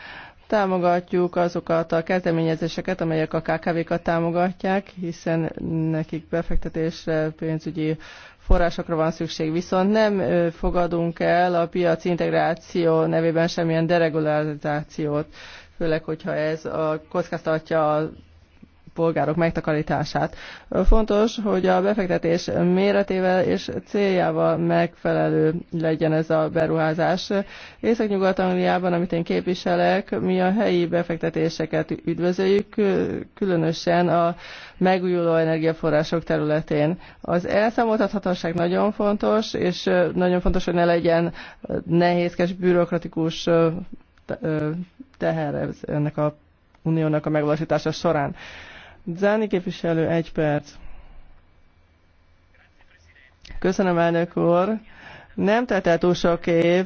Támogatjuk azokat a kezdeményezéseket, amelyek a KKV-kat támogatják, hiszen nekik befektetésre, pénzügyi forrásokra van szükség. Viszont nem fogadunk el a piac integráció nevében semmilyen deregularizációt, főleg, hogyha ez a, kockáztatja a polgárok megtakarítását. Fontos, hogy a befektetés méretével és céljával megfelelő legyen ez a beruházás. Észak-Nyugat-Angliában, amit én képviselek, mi a helyi befektetéseket üdvözöljük, különösen a megújuló energiaforrások területén. Az elszámoltathatóság nagyon fontos, és nagyon fontos, hogy ne legyen nehézkes, bürokratikus teher ennek a uniónak a megvalósítása során. Záni képviselő, egy perc. Köszönöm, elnök úr. Nem telt el túl sok év,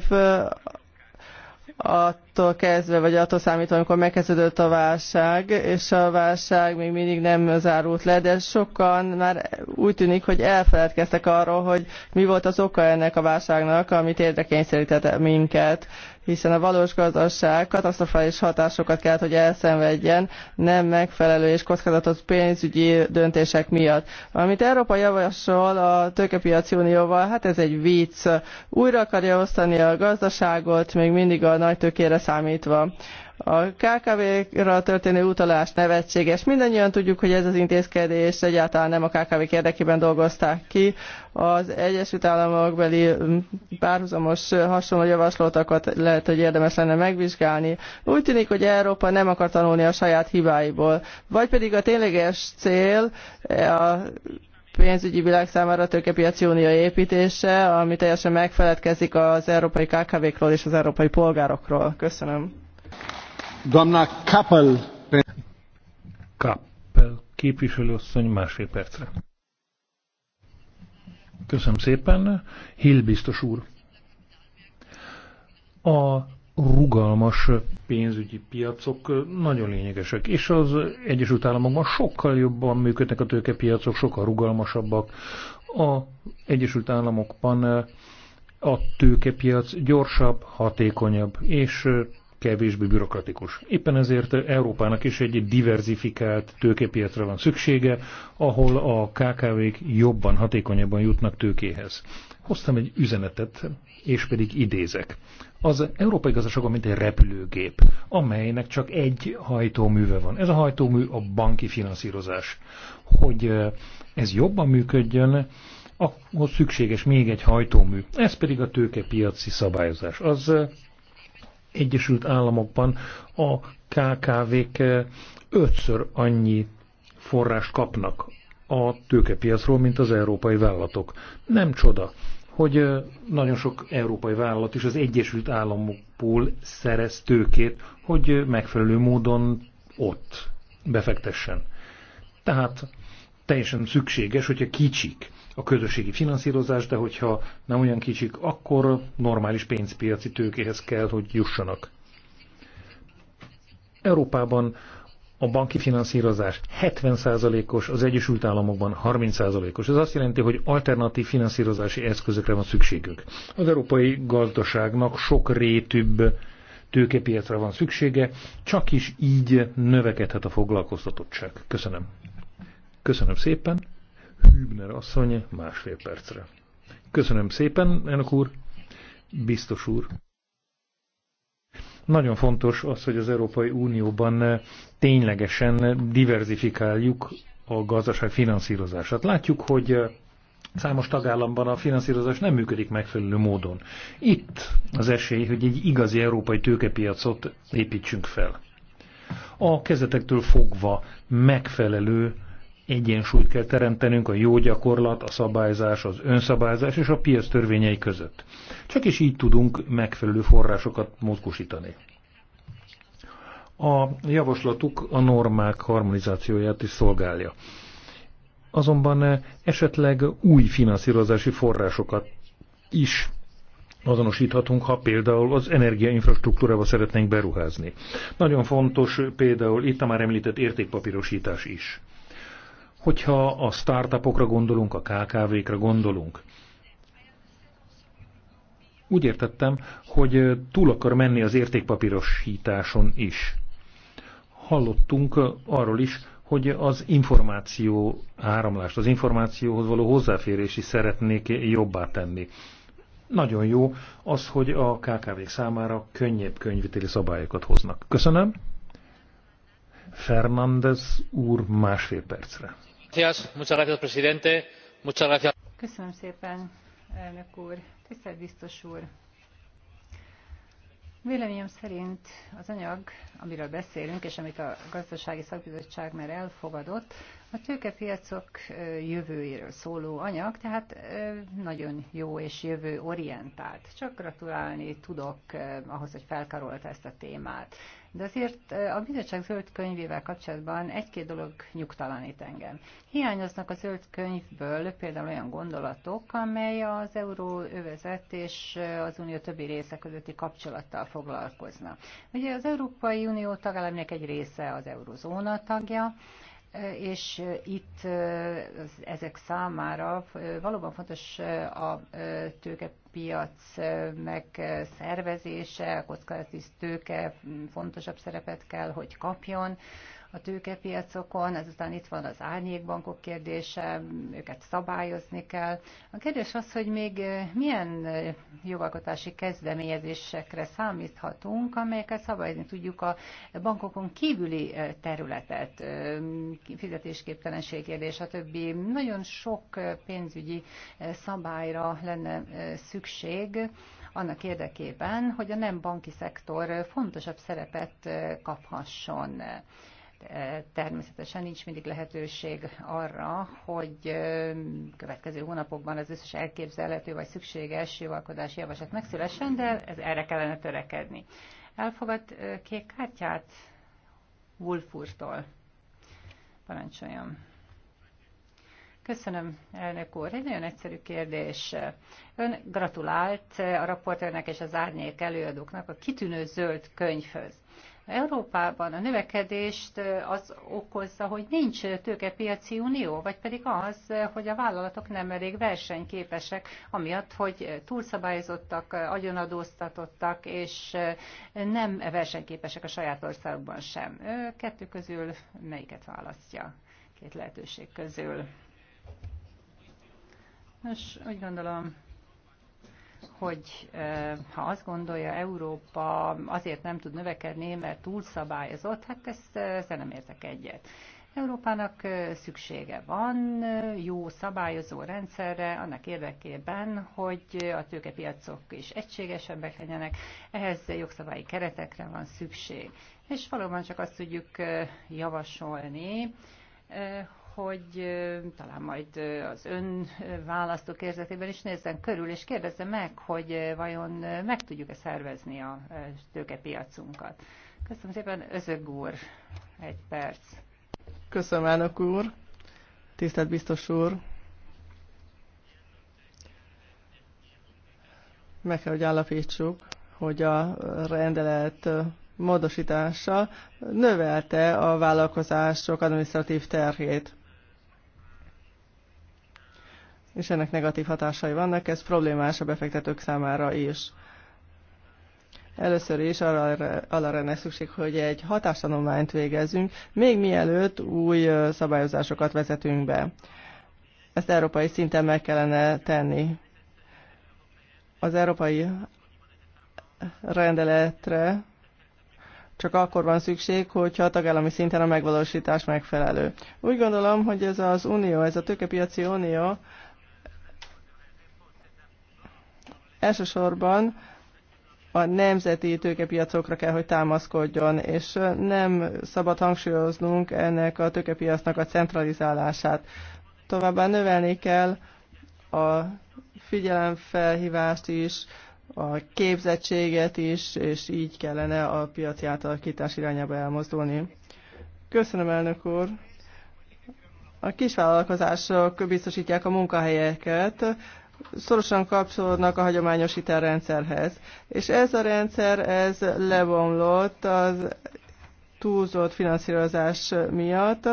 attól kezdve, vagy attól számítva, amikor megkezdődött a válság, és a válság még mindig nem zárult le, de sokan már úgy tűnik, hogy elfeledkeztek arról, hogy mi volt az oka ennek a válságnak, amit érdekényszerített minket hiszen a valós gazdaság katasztrofális hatásokat kell, hogy elszenvedjen nem megfelelő és kockázatos pénzügyi döntések miatt. Amit Európa javasol a tőkepiaci unióval, hát ez egy vicc. Újra akarja osztani a gazdaságot, még mindig a nagy tökére számítva. A KKV-ra történő utalás nevetséges. Mindannyian tudjuk, hogy ez az intézkedés egyáltalán nem a kkv érdekében dolgozták ki. Az Egyesült Államok beli mm, párhuzamos hasonló javaslatokat lehet, hogy érdemes lenne megvizsgálni. Úgy tűnik, hogy Európa nem akar tanulni a saját hibáiból. Vagy pedig a tényleges cél e, a pénzügyi világ számára a tőkepiaci unió építése, ami teljesen megfeledkezik az európai KKV-król és az európai polgárokról. Köszönöm.
Doamna Kappel. Kappel képviselőasszony másfél percre. Köszönöm szépen. Hill biztos úr. A rugalmas pénzügyi piacok nagyon lényegesek, és az Egyesült Államokban sokkal jobban működnek a tőkepiacok, sokkal rugalmasabbak. A Egyesült Államokban a tőkepiac gyorsabb, hatékonyabb, és kevésbé bürokratikus. Éppen ezért Európának is egy diverzifikált tőkepiacra van szüksége, ahol a KKV-k jobban, hatékonyabban jutnak tőkéhez. Hoztam egy üzenetet, és pedig idézek. Az európai gazdaságban mint egy repülőgép, amelynek csak egy hajtóműve van. Ez a hajtómű a banki finanszírozás. Hogy ez jobban működjön, ahhoz szükséges még egy hajtómű. Ez pedig a tőkepiaci szabályozás. Az Egyesült Államokban a KKV-k eh, ötször annyi forrást kapnak a tőkepiacról, mint az európai vállalatok. Nem csoda, hogy eh, nagyon sok európai vállalat is az Egyesült Államokból szerez tőkét, hogy eh, megfelelő módon ott befektessen. Tehát teljesen szükséges, hogyha kicsik a közösségi finanszírozás, de hogyha nem olyan kicsik, akkor normális pénzpiaci tőkéhez kell, hogy jussanak. Európában a banki finanszírozás 70%-os, az Egyesült Államokban 30%-os. Ez azt jelenti, hogy alternatív finanszírozási eszközökre van szükségük. Az európai gazdaságnak sok rétűbb tőkepiacra van szüksége, csak is így növekedhet a foglalkoztatottság. Köszönöm. Köszönöm szépen. Hübner asszony másfél percre. Köszönöm szépen, elnök úr, biztos úr. Nagyon fontos az, hogy az Európai Unióban ténylegesen diverzifikáljuk a gazdaság finanszírozását. Látjuk, hogy számos tagállamban a finanszírozás nem működik megfelelő módon. Itt az esély, hogy egy igazi európai tőkepiacot építsünk fel. A kezetektől fogva megfelelő egyensúlyt kell teremtenünk a jó gyakorlat, a szabályzás, az önszabályzás és a piac törvényei között. Csak is így tudunk megfelelő forrásokat mozgósítani. A javaslatuk a normák harmonizációját is szolgálja. Azonban esetleg új finanszírozási forrásokat is azonosíthatunk, ha például az energiainfrastruktúrába szeretnénk beruházni. Nagyon fontos például itt a már említett értékpapírosítás is. Hogyha a startupokra gondolunk, a KKV-kra gondolunk, úgy értettem, hogy túl akar menni az értékpapírosításon is. Hallottunk arról is, hogy az információ áramlást, az információhoz való hozzáférési szeretnék jobbá tenni. Nagyon jó az, hogy a kkv számára könnyebb könyvítéli szabályokat hoznak. Köszönöm. Fernández úr másfél percre
köszönöm szépen elnök úr tisztelt biztos úr! véleményem szerint az anyag amiről beszélünk és amit a gazdasági szakbizottság már elfogadott a tőkepiacok jövőjéről szóló anyag tehát nagyon jó és jövőorientált. csak gratulálni tudok ahhoz hogy felkarolta ezt a témát. De azért a bizottság zöld könyvével kapcsolatban egy-két dolog nyugtalanít engem. Hiányoznak a zöld könyvből például olyan gondolatok, amely az euróövezet és az unió többi része közötti kapcsolattal foglalkozna. Ugye az Európai Unió tagállamnak egy része az eurozóna tagja, és itt ezek számára valóban fontos a tőke piac megszervezése, a kockázati tőke fontosabb szerepet kell, hogy kapjon a tőkepiacokon, ezután itt van az árnyékbankok kérdése, őket szabályozni kell. A kérdés az, hogy még milyen jogalkotási kezdeményezésekre számíthatunk, amelyeket szabályozni tudjuk a bankokon kívüli területet, fizetésképtelenség kérdés, a többi. Nagyon sok pénzügyi szabályra lenne szükség, annak érdekében, hogy a nem banki szektor fontosabb szerepet kaphasson. Természetesen nincs mindig lehetőség arra, hogy következő hónapokban az összes elképzelhető vagy szükséges jogalkodási javaslat megszülessen, de ez erre kellene törekedni. Elfogad kék kártyát Wolf úrtól. Parancsoljon. Köszönöm, elnök úr. Egy nagyon egyszerű kérdés. Ön gratulált a raportőrnek és az árnyék előadóknak a kitűnő zöld könyvhöz. Európában a növekedést az okozza, hogy nincs tőkepiaci unió, vagy pedig az, hogy a vállalatok nem elég versenyképesek, amiatt, hogy túlszabályozottak, agyonadóztatottak, és nem versenyképesek a saját országban sem. Kettő közül melyiket választja? Két lehetőség közül. Nos, úgy gondolom, hogy ha azt gondolja Európa azért nem tud növekedni, mert túlszabályozott, hát ezt, ezzel nem értek egyet. Európának szüksége van jó szabályozó rendszerre annak érdekében, hogy a tőkepiacok is egységesebbek legyenek, ehhez jogszabályi keretekre van szükség. És valóban csak azt tudjuk javasolni, hogy talán majd az ön választó érzetében is nézzen körül, és kérdezze meg, hogy vajon meg tudjuk-e szervezni a tőkepiacunkat. Köszönöm szépen, Özög úr, egy perc.
Köszönöm, elnök úr, tisztelt biztos úr. Meg kell, hogy állapítsuk, hogy a rendelet módosítása növelte a vállalkozások adminisztratív terhét és ennek negatív hatásai vannak, ez problémás a befektetők számára is. Először is arra, arra lenne szükség, hogy egy hatástanulmányt végezzünk, még mielőtt új szabályozásokat vezetünk be. Ezt európai szinten meg kellene tenni. Az európai rendeletre csak akkor van szükség, hogyha a tagállami szinten a megvalósítás megfelelő. Úgy gondolom, hogy ez az unió, ez a tőkepiaci unió Elsősorban a nemzeti tőkepiacokra kell, hogy támaszkodjon, és nem szabad hangsúlyoznunk ennek a tőkepiacnak a centralizálását. Továbbá növelni kell a figyelemfelhívást is, a képzettséget is, és így kellene a piaci átalakítás irányába elmozdulni. Köszönöm, elnök úr! A kisvállalkozások biztosítják a munkahelyeket, szorosan kapcsolódnak a hagyományos hitelrendszerhez. És ez a rendszer, ez lebomlott az túlzott finanszírozás miatt,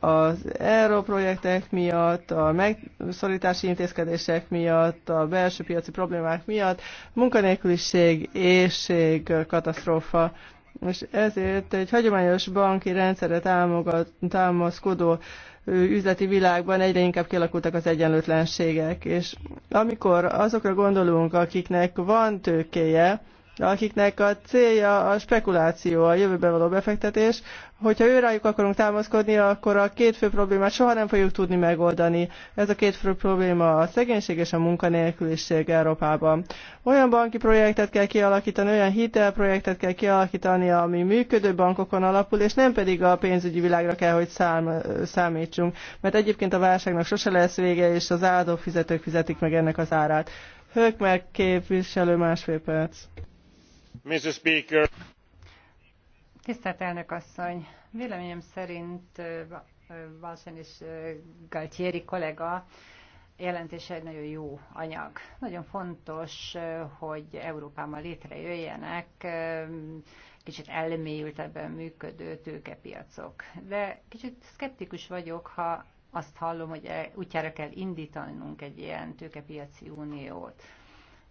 az ERO projektek miatt, a megszorítási intézkedések miatt, a belső piaci problémák miatt, munkanélküliség, éjség, katasztrófa. És ezért egy hagyományos banki rendszeret támogat, támaszkodó üzleti világban egyre inkább kialakultak az egyenlőtlenségek, és amikor azokra gondolunk, akiknek van tőkéje, akiknek a célja a spekuláció, a jövőben való befektetés. Hogyha őrájuk akarunk támaszkodni, akkor a két fő problémát soha nem fogjuk tudni megoldani. Ez a két fő probléma a szegénység és a munkanélküliség Európában. Olyan banki projektet kell kialakítani, olyan hitelprojektet kell kialakítani, ami működő bankokon alapul, és nem pedig a pénzügyi világra kell, hogy szám, számítsunk. Mert egyébként a válságnak sose lesz vége, és az fizetők fizetik meg ennek az árát. Hökmer képviselő másfél perc.
Tisztelt elnök asszony! Véleményem szerint balzani és Galtieri kollega jelentése egy nagyon jó anyag. Nagyon fontos, hogy Európában létrejöjjenek kicsit elmélyültebben működő tőkepiacok. De kicsit szkeptikus vagyok, ha azt hallom, hogy e útjára kell indítanunk egy ilyen tőkepiaci uniót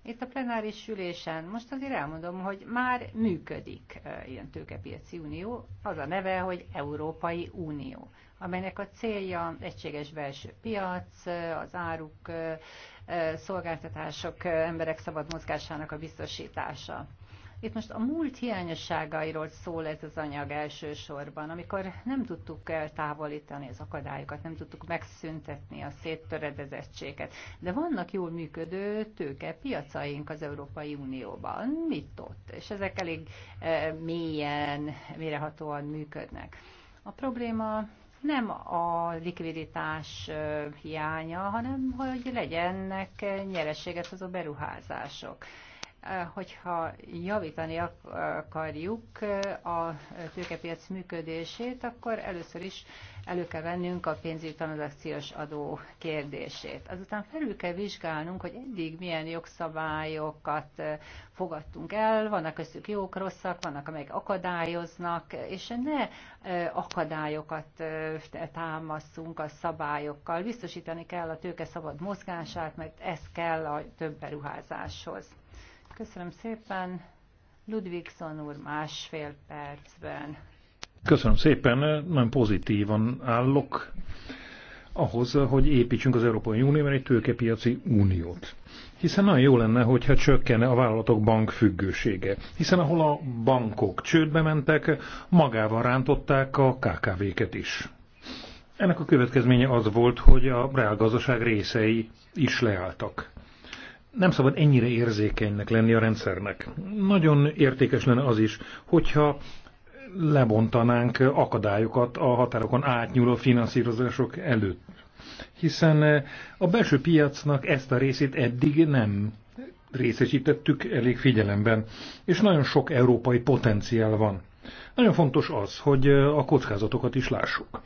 itt a plenáris ülésen. Most azért elmondom, hogy már működik ilyen tőkepiaci unió, az a neve, hogy Európai Unió, amelynek a célja egységes belső piac, az áruk, szolgáltatások, emberek szabad mozgásának a biztosítása. Itt most a múlt hiányosságairól szól ez az anyag elsősorban, amikor nem tudtuk eltávolítani az akadályokat, nem tudtuk megszüntetni a széttöredezettséget. De vannak jól működő tőkepiacaink az Európai Unióban, mit ott, és ezek elég e, mélyen, mérehatóan működnek. A probléma nem a likviditás eh, hiánya, hanem hogy legyenek nyereséget hozó beruházások hogyha javítani akarjuk eh, a tőkepiac működését, akkor először is elő kell vennünk a pénzügyi tranzakciós adó kérdését. Azután felül kell vizsgálnunk, hogy eddig milyen jogszabályokat eh, fogadtunk el, vannak köztük jók, rosszak, vannak, amelyek akadályoznak, és ne eh, akadályokat támaszunk a szabályokkal. Biztosítani kell a tőke szabad mozgását, mert ez kell a több beruházáshoz. Köszönöm szépen. Ludvigson úr másfél percben.
Köszönöm szépen, nagyon pozitívan állok ahhoz, hogy építsünk az Európai Unióban egy tőkepiaci uniót. Hiszen nagyon jó lenne, hogyha csökkenne a vállalatok bank függősége. Hiszen ahol a bankok csődbe mentek, magával rántották a KKV-ket is. Ennek a következménye az volt, hogy a reálgazdaság részei is leálltak nem szabad ennyire érzékenynek lenni a rendszernek. Nagyon értékes lenne az is, hogyha lebontanánk akadályokat a határokon átnyúló finanszírozások előtt. Hiszen a belső piacnak ezt a részét eddig nem részesítettük elég figyelemben, és nagyon sok európai potenciál van. Nagyon fontos az, hogy a kockázatokat is lássuk.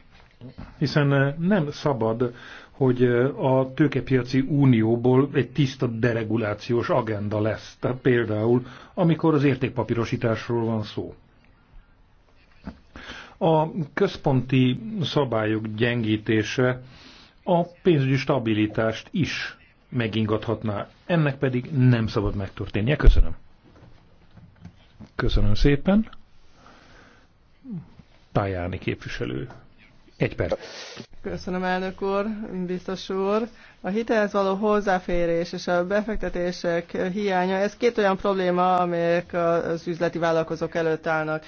Hiszen nem szabad, hogy a tőkepiaci unióból egy tiszta deregulációs agenda lesz. Tehát például, amikor az értékpapírosításról van szó. A központi szabályok gyengítése a pénzügyi stabilitást is megingathatná. Ennek pedig nem szabad megtörténnie. Köszönöm. Köszönöm szépen. Tájáni képviselő. Egy perc.
Köszönöm, elnök úr, biztos úr. A hitelhez való hozzáférés és a befektetések hiánya, ez két olyan probléma, amelyek az üzleti vállalkozók előtt állnak.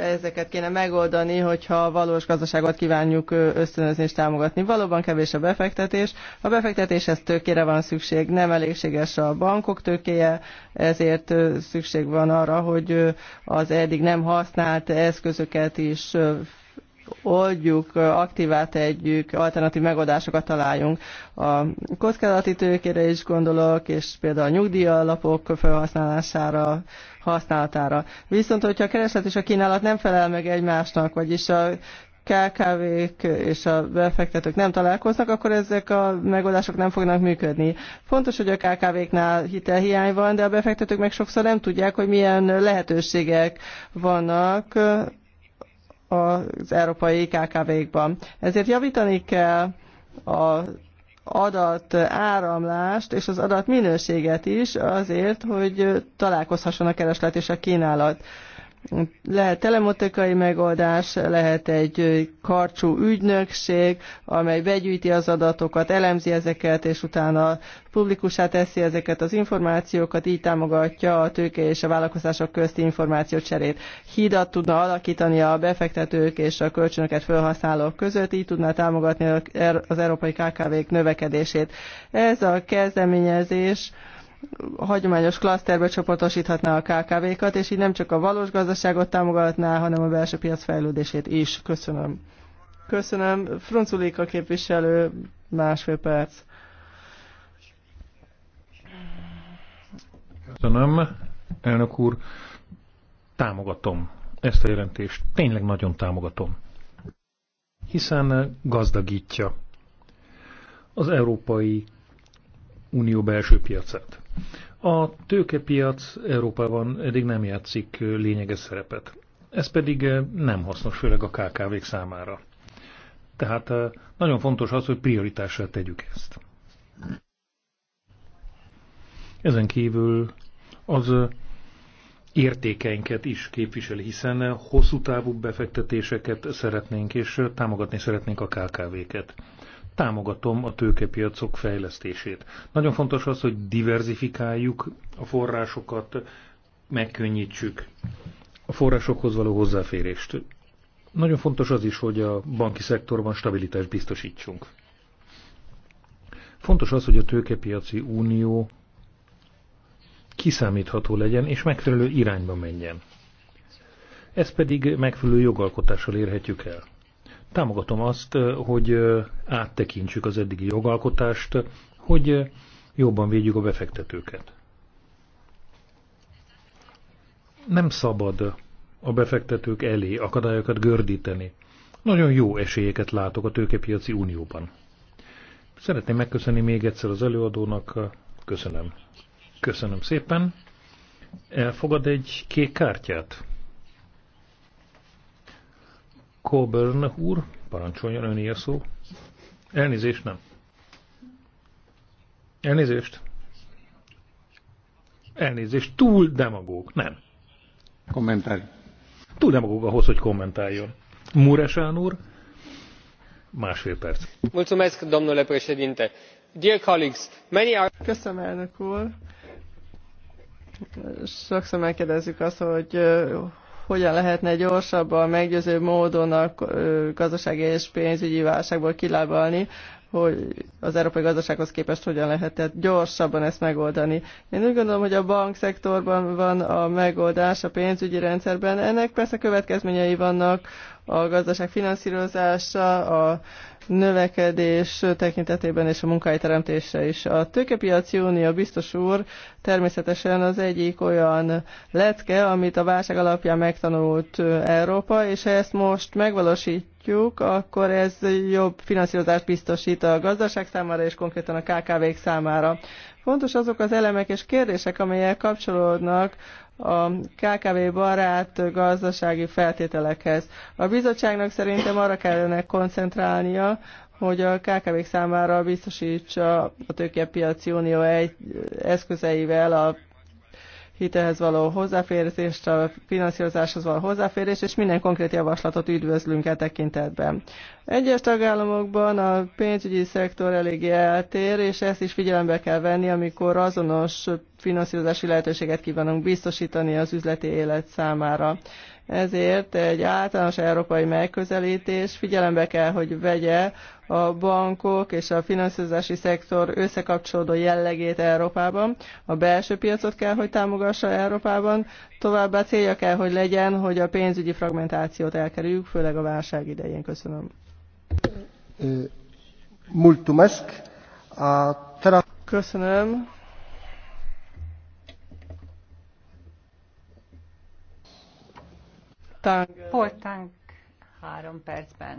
Ezeket kéne megoldani, hogyha valós gazdaságot kívánjuk ösztönözni és támogatni. Valóban kevés a befektetés. A befektetéshez tőkére van szükség, nem elégséges a bankok tőkéje, ezért szükség van arra, hogy az eddig nem használt eszközöket is oldjuk, aktívát tegyük, alternatív megoldásokat találjunk. A kockázati tőkére is gondolok, és például a nyugdíjalapok felhasználására, használatára. Viszont, hogyha a kereslet és a kínálat nem felel meg egymásnak, vagyis a KKV-k és a befektetők nem találkoznak, akkor ezek a megoldások nem fognak működni. Fontos, hogy a KKV-knál hitelhiány van, de a befektetők meg sokszor nem tudják, hogy milyen lehetőségek vannak az európai KKV-kban. Ezért javítani kell a adat áramlást és az adat minőséget is azért, hogy találkozhasson a kereslet és a kínálat. Lehet telemotikai megoldás, lehet egy karcsú ügynökség, amely begyűjti az adatokat, elemzi ezeket, és utána publikusá teszi ezeket az információkat, így támogatja a tőke és a vállalkozások közti információcserét. Hídat tudna alakítani a befektetők és a kölcsönöket felhasználók között, így tudná támogatni az európai KKV-k növekedését. Ez a kezdeményezés hagyományos klaszterbe csoportosíthatná a KKV-kat, és így nem csak a valós gazdaságot támogatná, hanem a belső piac fejlődését is. Köszönöm. Köszönöm. Frunculika képviselő, másfél perc.
Köszönöm, elnök úr. Támogatom ezt a jelentést. Tényleg nagyon támogatom. Hiszen gazdagítja az Európai Unió belső piacát. A tőkepiac Európában eddig nem játszik lényeges szerepet. Ez pedig eh, nem hasznos, főleg a KKV-k számára. Tehát eh, nagyon fontos az, hogy prioritásra tegyük ezt. Ezen kívül az eh, értékeinket is képviseli, hiszen hosszú távú befektetéseket szeretnénk, és támogatni szeretnénk a KKV-ket támogatom a tőkepiacok fejlesztését. Nagyon fontos az, hogy diverzifikáljuk a forrásokat, megkönnyítsük a forrásokhoz való hozzáférést. Nagyon fontos az is, hogy a banki szektorban stabilitást biztosítsunk. Fontos az, hogy a tőkepiaci unió kiszámítható legyen és megfelelő irányba menjen. Ezt pedig megfelelő jogalkotással érhetjük el. Támogatom azt, hogy áttekintsük az eddigi jogalkotást, hogy jobban védjük a befektetőket. Nem szabad a befektetők elé akadályokat gördíteni. Nagyon jó esélyeket látok a tőkepiaci unióban. Szeretném megköszönni még egyszer az előadónak. Köszönöm. Köszönöm szépen. Elfogad egy kék kártyát? Coburn úr, parancsoljon ön a szó. Elnézést nem. Elnézést. Elnézést, túl demagóg, nem. Kommentálj. Túl demagóg ahhoz, hogy kommentáljon. Muresán úr, másfél perc. Mulțumesc, domnule președinte. Dear colleagues, many
are... Köszönöm, elnök úr. Sokszor megkérdezzük azt, hogy hogyan lehetne gyorsabban, meggyőző módon a gazdasági és pénzügyi válságból kilábalni, hogy az európai gazdasághoz képest hogyan lehetett gyorsabban ezt megoldani. Én úgy gondolom, hogy a bankszektorban van a megoldás a pénzügyi rendszerben. Ennek persze következményei vannak a gazdaság finanszírozása, a növekedés tekintetében és a teremtése is. A tőkepiaci unió biztos úr természetesen az egyik olyan letke, amit a válság alapján megtanult Európa, és ha ezt most megvalósítjuk, akkor ez jobb finanszírozást biztosít a gazdaság számára és konkrétan a KKV-k számára. Fontos azok az elemek és kérdések, amelyek kapcsolódnak a KKV barát gazdasági feltételekhez. A bizottságnak szerintem arra kellene koncentrálnia, hogy a KKV-k számára biztosítsa a tőkepiaci unió egy eszközeivel a hitehez való hozzáférést, a finanszírozáshoz való hozzáférés, és minden konkrét javaslatot üdvözlünk e tekintetben. Egyes tagállamokban a pénzügyi szektor eléggé eltér, és ezt is figyelembe kell venni, amikor azonos finanszírozási lehetőséget kívánunk biztosítani az üzleti élet számára. Ezért egy általános európai megközelítés figyelembe kell, hogy vegye a bankok és a finanszírozási szektor összekapcsolódó jellegét Európában. A belső piacot kell, hogy támogassa Európában, továbbá célja kell, hogy legyen, hogy a pénzügyi fragmentációt elkerüljük, főleg a válság idején. Köszönöm. Mulțumesc. Köszönöm. Tang.
Poltánk három percben.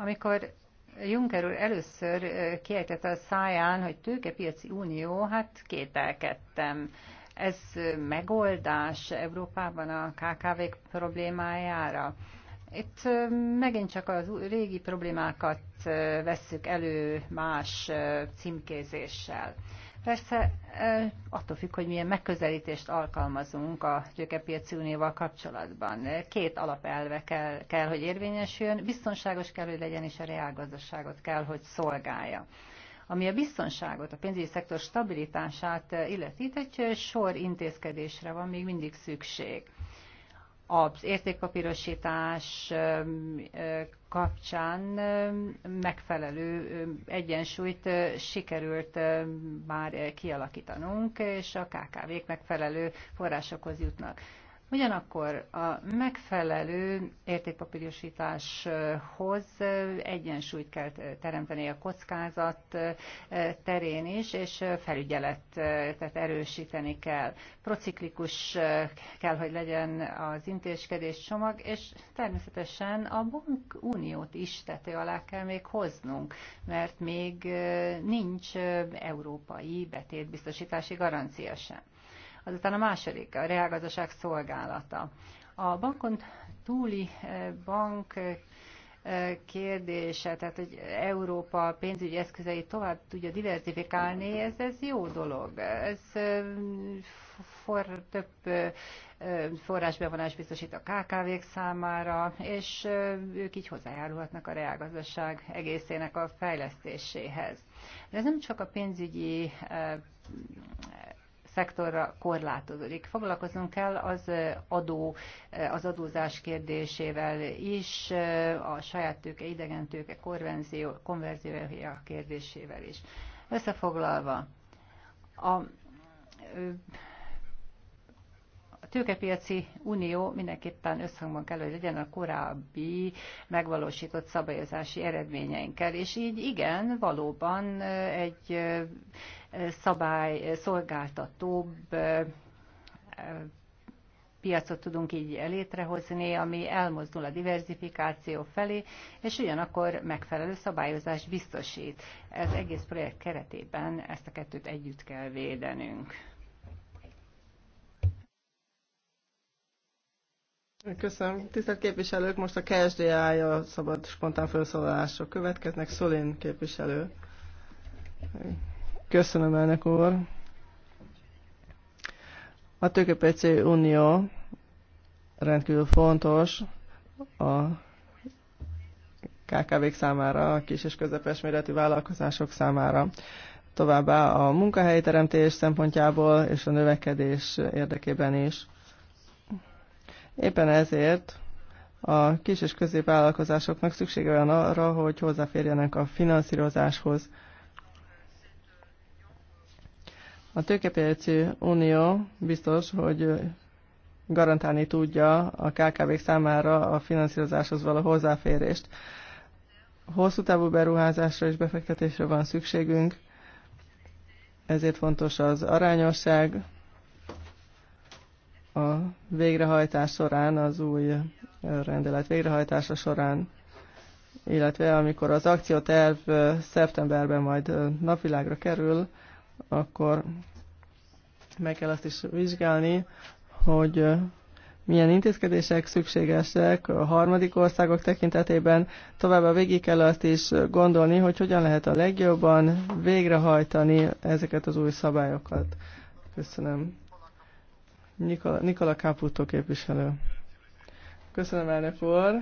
Amikor Juncker úr először kiejtette a száján, hogy tőkepiaci unió, hát kételkedtem. Ez megoldás Európában a KKV-k problémájára? Itt megint csak az régi problémákat vesszük elő más címkézéssel. Persze attól függ, hogy milyen megközelítést alkalmazunk a tőkepiaci unióval kapcsolatban. Két alapelve kell, kell, hogy érvényesüljön, biztonságos kell, hogy legyen, és a reálgazdaságot kell, hogy szolgálja. Ami a biztonságot, a pénzügyi szektor stabilitását illeti, egy sor intézkedésre van még mindig szükség az értékpapírosítás kapcsán megfelelő egyensúlyt sikerült már kialakítanunk, és a KKV-k megfelelő forrásokhoz jutnak. Ugyanakkor a megfelelő értékpapírosításhoz egyensúlyt kell teremteni a kockázat eh, terén is, és eh, felügyeletet erősíteni kell. Prociklikus eh, kell, hogy legyen az intézkedés csomag, és természetesen a bankuniót is tető alá kell még hoznunk, mert még nincs európai betétbiztosítási garancia sem azután a második, a reálgazdaság szolgálata. A bankon túli eh, bank eh, kérdése, tehát hogy Európa pénzügyi eszközeit tovább tudja diversifikálni, ez, ez jó dolog. Ez eh, for, több forrásbevonás biztosít a KKV-k számára, és ők így hozzájárulhatnak a reálgazdaság egészének a fejlesztéséhez. De ez nem csak a pénzügyi szektorra korlátozódik. Foglalkoznunk kell az adó, az adózás kérdésével is, a saját tőke, idegen tőke konverzió, konverziója kérdésével is. Összefoglalva, a a tőkepiaci unió mindenképpen összhangban kell, hogy legyen a korábbi megvalósított szabályozási eredményeinkkel, és így igen, valóban egy szabály szolgáltatóbb piacot tudunk így létrehozni, ami elmozdul a diversifikáció felé, és ugyanakkor megfelelő szabályozás biztosít. Ez egész projekt keretében ezt a kettőt együtt kell védenünk.
Köszönöm. Tisztelt képviselők, most a KSDI a szabad spontán felszólalások következnek. Szolén képviselő. Köszönöm, elnök úr. A tőkepc unió rendkívül fontos a KKV-k számára, a kis és közepes méretű vállalkozások számára. Továbbá a munkahelyteremtés szempontjából és a növekedés érdekében is. Éppen ezért a kis és középvállalkozásoknak szüksége van arra, hogy hozzáférjenek a finanszírozáshoz. A tőkepiaci unió biztos, hogy garantálni tudja a KKV-k számára a finanszírozáshoz való hozzáférést. Hosszú távú beruházásra és befektetésre van szükségünk, ezért fontos az arányosság a végrehajtás során, az új rendelet végrehajtása során, illetve amikor az akcióterv szeptemberben majd napvilágra kerül, akkor meg kell azt is vizsgálni, hogy milyen intézkedések szükségesek a harmadik országok tekintetében. Továbbá végig kell azt is gondolni, hogy hogyan lehet a legjobban végrehajtani ezeket az új szabályokat. Köszönöm. Nikola, Nikola Caputo képviselő. Köszönöm, elnök úr.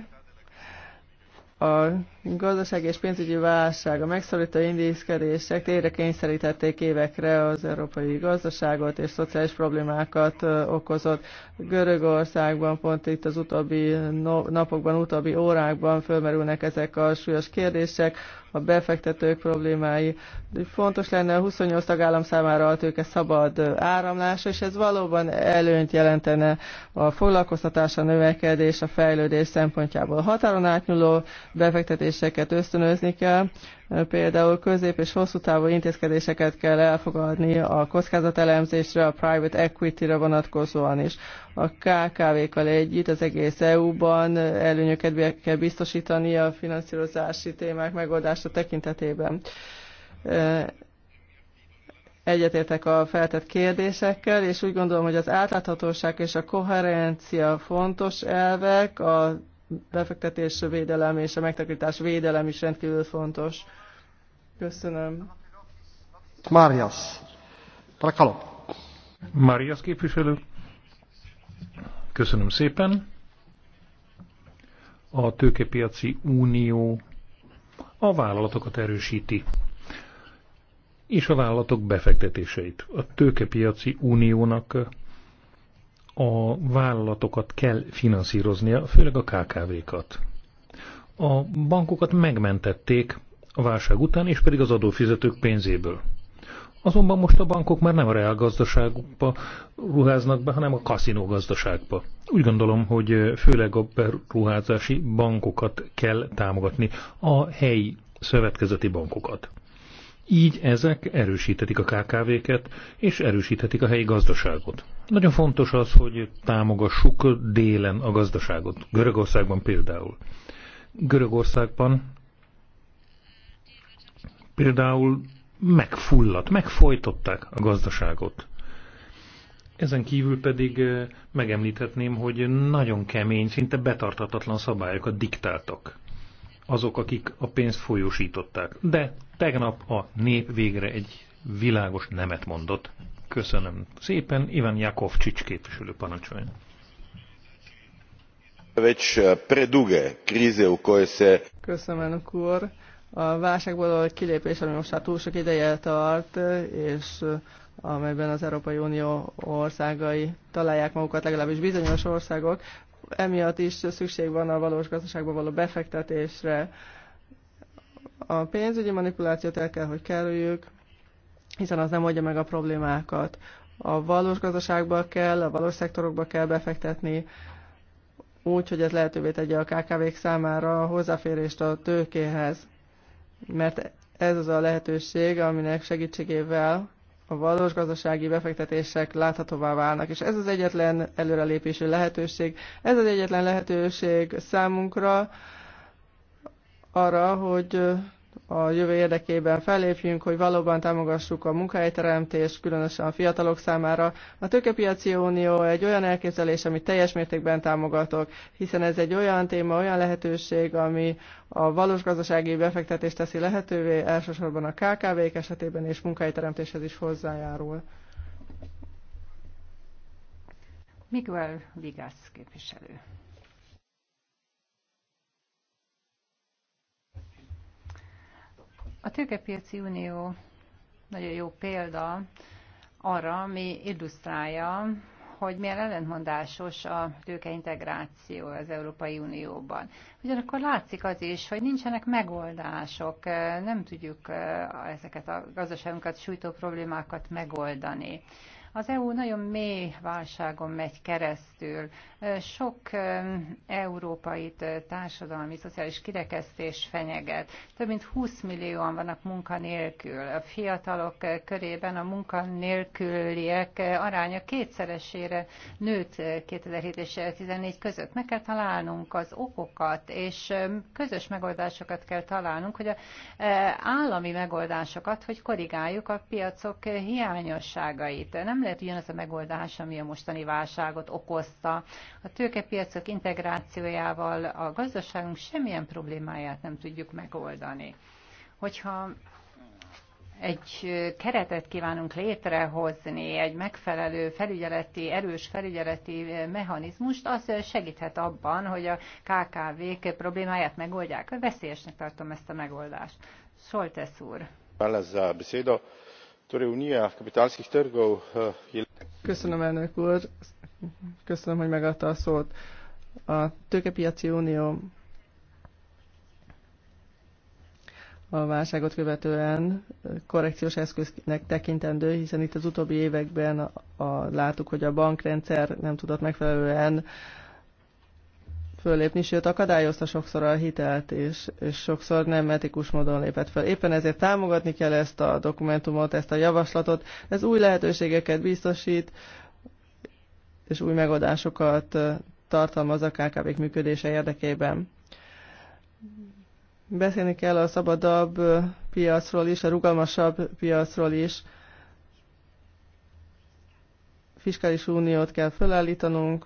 A gazdasági és pénzügyi válság, a megszorító intézkedések tényleg kényszerítették évekre az európai gazdaságot és szociális problémákat okozott. Görögországban pont itt az utóbbi napokban, utóbbi órákban fölmerülnek ezek a súlyos kérdések a befektetők problémái. Fontos lenne a 28 tagállam számára a tőke szabad áramlás, és ez valóban előnyt jelentene a foglalkoztatás, a növekedés, a fejlődés szempontjából. Határon átnyúló befektetéseket ösztönözni kell, Például közép- és hosszú távú intézkedéseket kell elfogadni a kockázatelemzésre, a private equity-re vonatkozóan is. A KKV-kkal együtt az egész EU-ban előnyöket kell biztosítani a finanszírozási témák megoldása tekintetében e, egyetértek a feltett kérdésekkel, és úgy gondolom, hogy az átláthatóság és a koherencia fontos elvek a befektetés védelem és a megtakarítás védelem is rendkívül fontos. Köszönöm.
Marias. Prakalo. Marias képviselő. Köszönöm szépen. A tőkepiaci unió a vállalatokat erősíti, és a vállalatok befektetéseit. A tőkepiaci uniónak a vállalatokat kell finanszíroznia, főleg a KKV-kat. A bankokat megmentették a válság után, és pedig az adófizetők pénzéből. Azonban most a bankok már nem a reálgazdaságba ruháznak be, hanem a kaszinó gazdaságba. Úgy gondolom, hogy főleg a beruházási bankokat kell támogatni, a helyi szövetkezeti bankokat. Így ezek erősíthetik a KKV-ket, és erősíthetik a helyi gazdaságot. Nagyon fontos az, hogy támogassuk délen a gazdaságot, Görögországban például. Görögországban például megfulladt, megfojtották a gazdaságot. Ezen kívül pedig eh, megemlíthetném, hogy nagyon kemény, szinte betartatatlan szabályokat diktáltak azok, akik a pénzt folyósították. De tegnap a nép végre egy világos nemet mondott. Köszönöm szépen, Ivan Jakovcsics képviselő parancsoljon.
Eh, se...
Köszönöm, elnök úr. A válságból a kilépés, ami most már túl sok ideje tart, és eh, amelyben az Európai Unió országai találják magukat, legalábbis bizonyos országok, emiatt is szükség van a valós gazdaságban való befektetésre. A pénzügyi manipulációt el kell, hogy kerüljük, hiszen az nem oldja meg a problémákat. A valós gazdaságba kell, a valós szektorokba kell befektetni, úgy, hogy ez lehetővé tegye a KKV-k számára a hozzáférést a tőkéhez. Mert ez az a lehetőség, aminek segítségével a valós gazdasági befektetések láthatóvá válnak, és ez az egyetlen előrelépési lehetőség, ez az egyetlen lehetőség számunkra arra, hogy a jövő érdekében fellépjünk, hogy valóban támogassuk a munkahelyteremtést, különösen a fiatalok számára. A tőkepiaci unió egy olyan elképzelés, amit teljes mértékben támogatok, hiszen ez egy olyan téma, olyan lehetőség, ami a valós gazdasági befektetést teszi lehetővé, elsősorban a KKV-k esetében, és munkahelyteremtéshez is hozzájárul.
Miguel Vigász képviselő. A tőkepiaci unió nagyon jó példa arra, ami illusztrálja, hogy milyen ellentmondásos a tőkeintegráció az Európai Unióban. Ugyanakkor látszik az is, hogy nincsenek megoldások, nem tudjuk eh, ezeket a gazdaságunkat sújtó problémákat megoldani. Az EU nagyon mély válságon megy keresztül. Sok európai társadalmi, szociális kirekesztés fenyeget. Több mint 20 millióan vannak munkanélkül. A fiatalok körében a munkanélküliek aránya kétszeresére nőtt 2007 és 2014 között. Meg kell találnunk az okokat, és közös megoldásokat kell találnunk, hogy a állami megoldásokat, hogy korrigáljuk a piacok hiányosságait. Nem nem lehet ugyanaz a megoldás, ami a mostani válságot okozta. A tőkepiacok integrációjával a gazdaságunk semmilyen problémáját nem tudjuk megoldani. Hogyha egy keretet kívánunk létrehozni, egy megfelelő felügyeleti, erős felügyeleti mechanizmust, az segíthet abban, hogy a KKV-k problémáját megoldják. Veszélyesnek tartom ezt a megoldást.
Soltesz úr. Hvala za torej unija kapitalskih trgov eh, je. köszönöm köszönöm hogy megadta a szót a tőkepiaci unió a válságot követően korrekciós eszköznek tekintendő, hiszen itt az utóbbi években a, a, láttuk, hogy a bankrendszer nem tudott megfelelően föllépni, sőt akadályozta sokszor a hitelt, és, és sokszor nem etikus módon lépett föl. Éppen ezért támogatni kell ezt a dokumentumot, ezt a javaslatot. Ez új lehetőségeket biztosít, és új megoldásokat tartalmaz a kkv működése érdekében. Beszélni kell a szabadabb piacról is, a rugalmasabb piacról is. Fiskális uniót kell felállítanunk,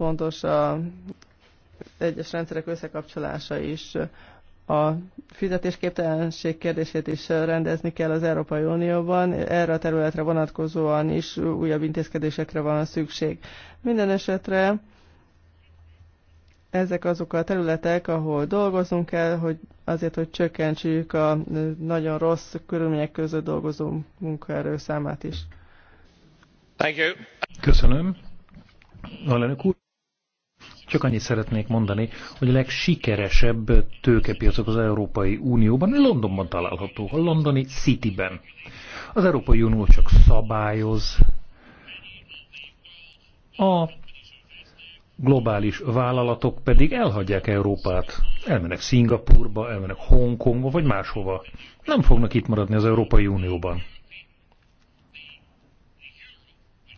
fontos a egyes rendszerek összekapcsolása is. A fizetésképtelenség kérdését is rendezni kell az Európai Unióban. Erre a területre vonatkozóan is újabb intézkedésekre van szükség. Minden esetre ezek azok a területek, ahol dolgozunk kell, hogy azért, hogy csökkentsük a nagyon rossz körülmények között dolgozó munkaerő számát is.
Thank you. Köszönöm. Alelnök úr. Csak annyit szeretnék mondani, hogy a legsikeresebb tőkepiacok az Európai Unióban, Londonban található, a londoni Cityben. Az Európai Unió csak szabályoz. A globális vállalatok pedig elhagyják Európát. Elmennek Szingapurba, elmennek Hongkongba, vagy máshova. Nem fognak itt maradni az Európai Unióban.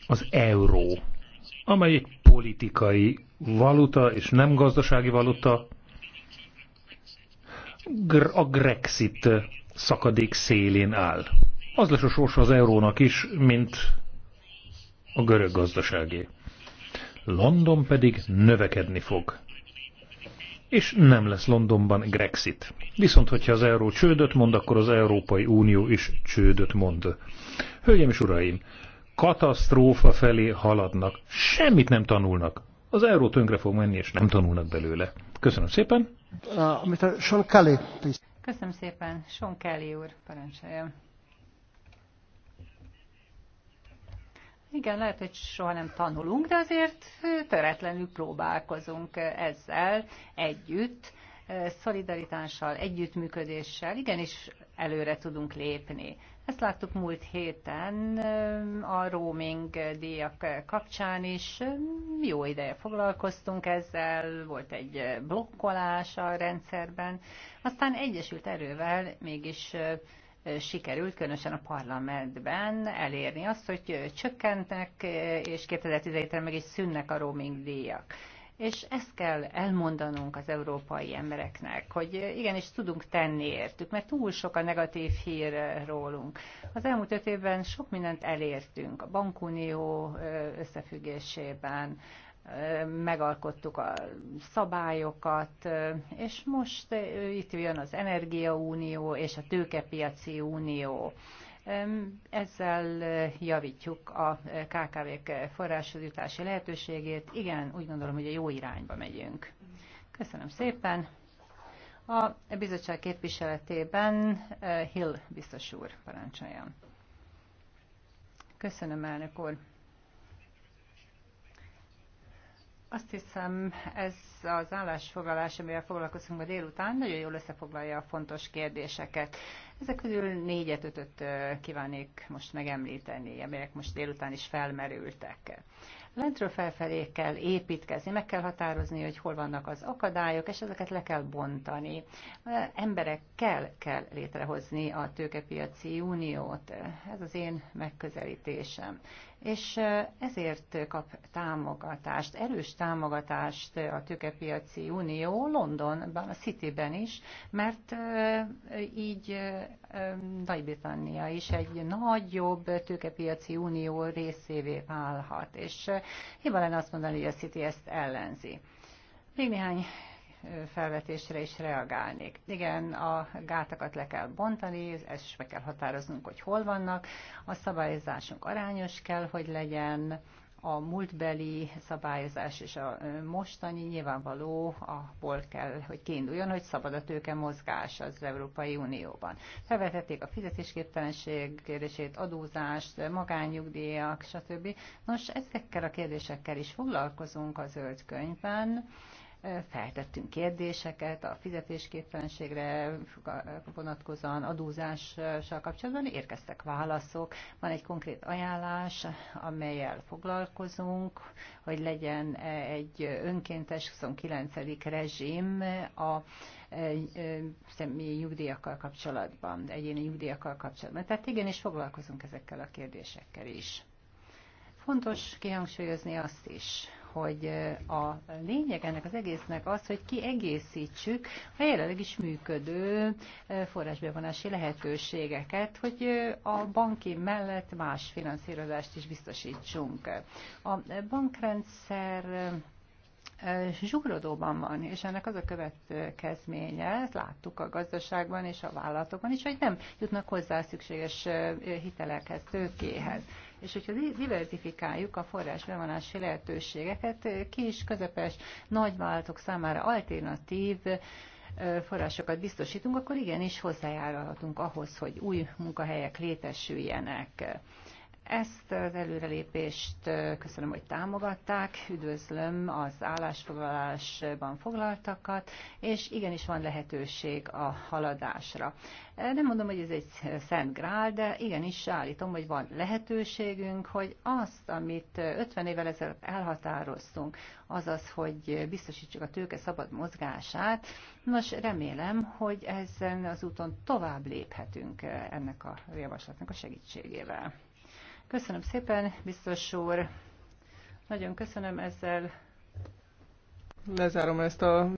Az euró, amely egy politikai valuta és nem gazdasági valuta a Grexit szakadék szélén áll. Az lesz a sorsa az eurónak is, mint a görög gazdaságé. London pedig növekedni fog. És nem lesz Londonban Grexit. Viszont, hogyha az euró csődöt mond, akkor az Európai Unió is csődöt mond. Hölgyeim és uraim, katasztrófa felé haladnak, semmit nem tanulnak az euró tönkre fog menni, és nem tanulnak belőle. Köszönöm szépen. Uh, Sean Kelly,
Köszönöm szépen. Sean Kelly úr, parancsoljon. Igen, lehet, hogy soha nem tanulunk, de azért töretlenül próbálkozunk ezzel együtt, szolidaritással, együttműködéssel, igenis előre tudunk lépni. Ezt láttuk múlt héten a roaming díjak kapcsán is. Jó ideje foglalkoztunk ezzel, volt egy blokkolás a rendszerben. Aztán egyesült erővel mégis sikerült, különösen a parlamentben elérni azt, hogy csökkentek, és 2017-re meg is szűnnek a roaming díjak és ezt kell elmondanunk az európai embereknek, hogy igenis tudunk tenni értük, mert túl sok a negatív hír rólunk. Az elmúlt öt évben sok mindent elértünk, a bankunió összefüggésében, megalkottuk a szabályokat, és most itt jön az energiaunió és a tőkepiaci unió. Ezzel eh, javítjuk a eh, KKV-k forrásozítási lehetőségét. Igen, úgy gondolom, hogy a jó irányba megyünk. Köszönöm szépen. A bizottság képviseletében eh, Hill biztos úr parancsoljon. Köszönöm, elnök úr. Azt hiszem, ez az állásfoglalás, amivel foglalkozunk ma délután, nagyon jól összefoglalja a fontos kérdéseket. Ezek közül négyet, ötöt kívánnék most megemlíteni, amelyek most délután is felmerültek. Lentről felfelé kell építkezni, meg kell határozni, hogy hol vannak az akadályok, és ezeket le kell bontani. Emberekkel kell létrehozni a tőkepiaci uniót. Ez az én megközelítésem és ezért kap támogatást, erős támogatást a tőkepiaci unió Londonban, a Cityben is, mert így Nagy-Britannia is egy nagyobb tőkepiaci unió részévé válhat, és hiba lenne azt mondani, hogy a City ezt ellenzi. Még néhány felvetésre is reagálnék. Igen, a gátakat le kell bontani, ezt is meg kell határoznunk, hogy hol vannak. A szabályozásunk arányos kell, hogy legyen, a múltbeli szabályozás és a mostani nyilvánvaló ahol kell, hogy kiinduljon, hogy szabad a tőke mozgás az Európai Unióban. Felvetették a fizetésképtelenség kérdését, adózást, magánnyugdíjak, stb. Nos, ezekkel a kérdésekkel is foglalkozunk a zöld könyvben, feltettünk kérdéseket a fizetésképtelenségre vonatkozóan, adózással kapcsolatban, érkeztek válaszok. Van egy konkrét ajánlás, amelyel foglalkozunk, hogy legyen e, egy önkéntes 29. rezsim a e, e, személyi nyugdíjakkal kapcsolatban, egyéni nyugdíjakkal kapcsolatban. Tehát és foglalkozunk ezekkel a kérdésekkel is. Fontos kihangsúlyozni azt is, hogy a lényeg ennek az egésznek az, hogy kiegészítsük a jelenleg is működő forrásbevonási lehetőségeket, hogy a banki mellett más finanszírozást is biztosítsunk. A bankrendszer zsugrodóban van, és ennek az a következménye, ezt láttuk a gazdaságban és a vállalatokban is, hogy nem jutnak hozzá szükséges hitelekhez, tőkéhez. És hogyha diversifikáljuk a forrás bevonási lehetőségeket, kis, közepes, nagyvállalatok számára alternatív forrásokat biztosítunk, akkor igenis hozzájárulhatunk ahhoz, hogy új munkahelyek létesüljenek. Ezt az előrelépést köszönöm, hogy támogatták, üdvözlöm az állásfoglalásban foglaltakat, és igenis van lehetőség a haladásra. Nem mondom, hogy ez egy szent grál, de igenis állítom, hogy van lehetőségünk, hogy azt, amit 50 évvel ezelőtt elhatároztunk, azaz, hogy biztosítsuk a tőke szabad mozgását, nos, remélem, hogy ezen az úton tovább léphetünk ennek a javaslatnak a segítségével. Köszönöm szépen, biztos úr. Nagyon köszönöm ezzel.
Lezárom ezt a